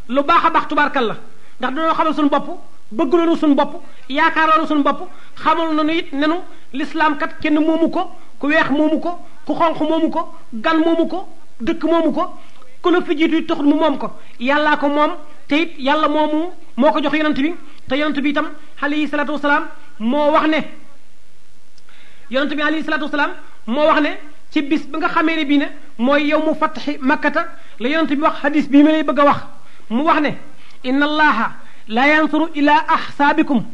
lu baax a baax tubaarkal la ndax danoo xamal suñu bopp bëggloonu suñ bopp yaakaaroonu suñ bopp xamul nanu it nenu lislaam kat kenn moomu ko ku weex moomu ko ku xonq moomu ko gan moomu ko dëkk moomu ko ku la fi jiitu taxul mu moom ko yàlla ko moom te it yàlla moomu moo ko jox yonent bi te yonent bi itam alayhi salatu wasalaam moo wax ne yonent bi alayhi salatu wasalaam moo wax ne ci bis bi nga xamee ne bii ne mooy yow mu makkata la yonent bi wax hadis bii ma lay bëgg a wax mu wax ne inna allaha لا ينظر إلى أحسابكم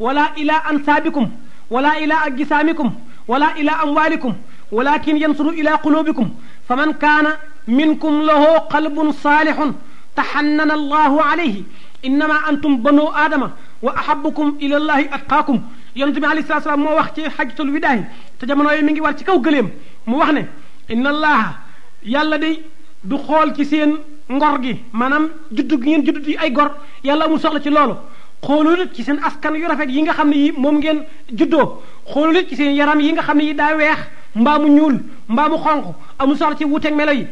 ولا إلى أنسابكم ولا إلى أجسامكم ولا إلى أموالكم ولكن ينظر إلى قلوبكم فمن كان منكم له قلب صالح تحنن الله عليه إنما أنتم بنو آدم وأحبكم إلى الله أتقاكم ينتمي عليه الصلاة والسلام مو moo حجة ci xajjatul widaay te jamono yi إن الله war ci كسين ngor gi maanaam juddu gi ngeen juddu ci ay gor yàlla amul soxla ci loolu xoolul ci seen askan yu rafet yi nga xam ne yi moom ngeen juddoo xoolul ci seen yaram yi nga xam ne yi daa weex mbaa mu ñuul mbaa mu xonq amul soxla ci wuuteeg melo yi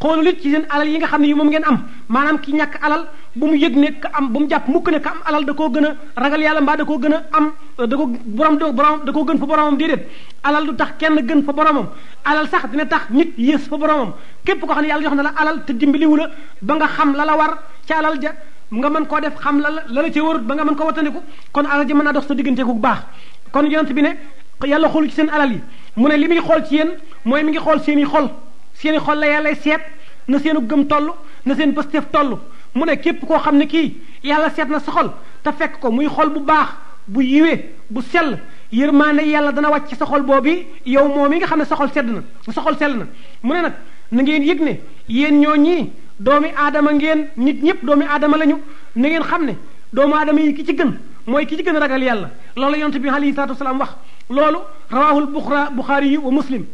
xoolul it ci seen alal yi nga xam ne yi moom ngeen am maanaam ki ñàkk alal bu mu yëg ne ka am bu mu jàpp mukk ne ka am alal da koo gën a ragal yàlla mbaa da koo gën a am da ko borom borom da koo gën fa boromam déedéet alal du tax kenn gën fa boromam alal sax dina tax nit yées fa boromam képp koo xam ne yàlla jox na la alal te dimbaliwu la ba nga xam la la war ca alal ja nga mën koo def xam la la la ca warut ba nga mën ko wattandiku kon alal ja mën naa dox sa diggante ku baax kon yonent bi ne yàlla xoolu ci seen alal yi mu ne li muy xool ci yéen mooy mi ngi xool seen i xol seeni xol la yàlla seet na seenu gëm toll na seen bësteef toll mu ne képp koo xam ne kii yàlla seet na sa xol te fekk ko muy xol bu baax bu yiwe bu sell yërmaane yàlla dana wàcc sa xol boobu yow moom mi nga xam ne sa xol sedd na sa xol sell na mu ne nag na ngeen yëg ne yéen ñoo ñii doomi aadama ngeen nit ñëpp doomi aadama lañu na ngeen xam ne doomu aadama yi ki ci gën mooy ki ci gën ragal yàlla loolu yonte bi alayhi salaatu wasalaam wax loolu rawahul buxaari wa muslim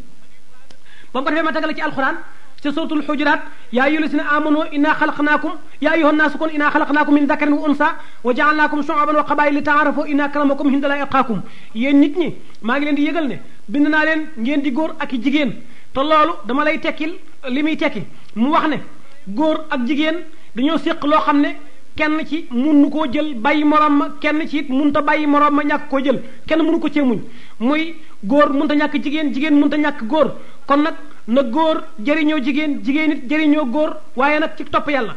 ba mu ko defee ma tagal ci alquran ci suratul hujurat ya ayyuhal amanu inna khalaqnakum ya ayyuhan nasu kun inna khalaqnakum min dhakarin wa unsa wa ja'alnakum shu'aban wa qabail li ta'arafu inna akramakum indallahi atqakum yéen nit ñi ma ngi leen di yëgal ne bind na leen ngeen di gor ak jigen te lolu dama lay tekkil limi tekki mu wax ne gor ak jigen dañu sekk lo xamne kenn ci mënu koo jël bàyyi morom ma kenn ci it mënut bàyyi morom ma ñàkk koo jël kenn mënu ko cee muñ muy góor mënut a ñàkk jigéen jigéen mënut a ñàkk góor kon nag na góor jëriñoo jigéen jigéen it jëriñoo góor waaye nag ci topp yàlla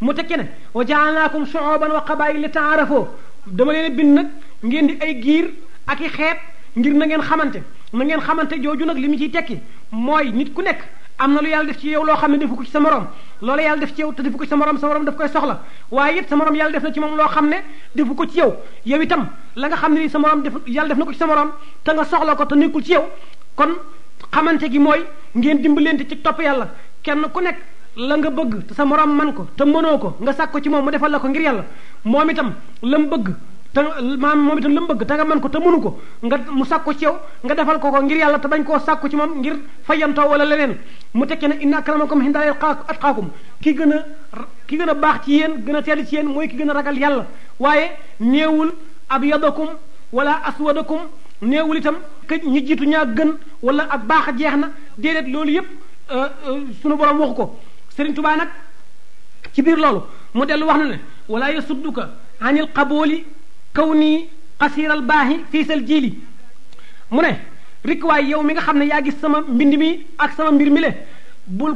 mu tekki ne wa jaalnaakum shu'uban wa qabaa'ila li ta'aarafoo dama leen bind nag ngeen di ay giir ak i xeet ngir na ngeen xamante na ngeen xamante jooju nag li mu ciy tekki mooy nit ku nekk am na lu yàlla def ci yow loo xam ne defu ko ci sa morom loolu yàlla def ci yow te defu ko ci sa morom sa morom daf koy soxla waaye it sa morom yàlla def na ci moom xam ne defu ko ci yow yow itam la nga xam ni sa morom def yàlla def ko ci sa te nga soxla ko te nekkul ci yow kon xamante gi mooy ngeen leen dimbalante ci topp yàlla kenn ku nekk la nga bëgg te sa morom man ko te mënoo ko nga sag ko ci moom mu defal la ko ngir yàlla moom itam la mu bëgg te maam moom itam la mu bëgg nga ko te mënu ko nga mu sakko ci yow nga defal ko ko ngir yàlla te bañ koo sàkku ci moom ngir fayantoo wala leneen mu tekki ne inna akramakum inda llahi atqaakum ki gën a ki gën a baax ci yéen gën a teel ci yéen mooy ki gën a ragal yàlla waaye néewul abyadakum wala aswadakum néewul itam këj ñi jiitu ñaa gën wala ak baax a jeex na déedéet loolu yépp euh, euh, sunu borom waxu ko Serigne Touba nag ci biir loolu mu dellu wax na ne wala yasudduka anil qabooli kaw nii xasiiral baaxi siisal jiili mu ne rikwaay yow mi nga xam ne yaa gis sama mbind mi ak sama mbir mi le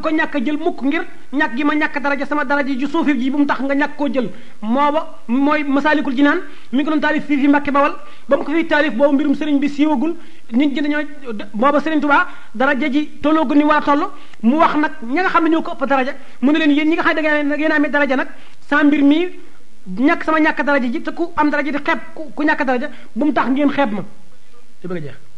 ko ñàkk jël mukk ngir ñàkk gi ma ñàkk daraja sama daraja ju suufi ji bu mu tax nga ñàkk koo jël moo ba mooy masaalikul jinaan mi ngi ko doon taalif fii fi Mbàkke Bawal ba mu ko fiy taalif bi siiwagul nit ñi dañoo booba sëriñ Tuubaa daraja ji tolloogu ni war mu wax nag ña nga xam ne ko ëpp mu ne leen yéen ñi nga xam ne da ngeen amee daraja nag sa mbir mi ñàkk sama ñàkk daraja ji te ku am daraja di xeeb ku ñàkk daraja bu mu tax ngeen xeeb ma li bëgg a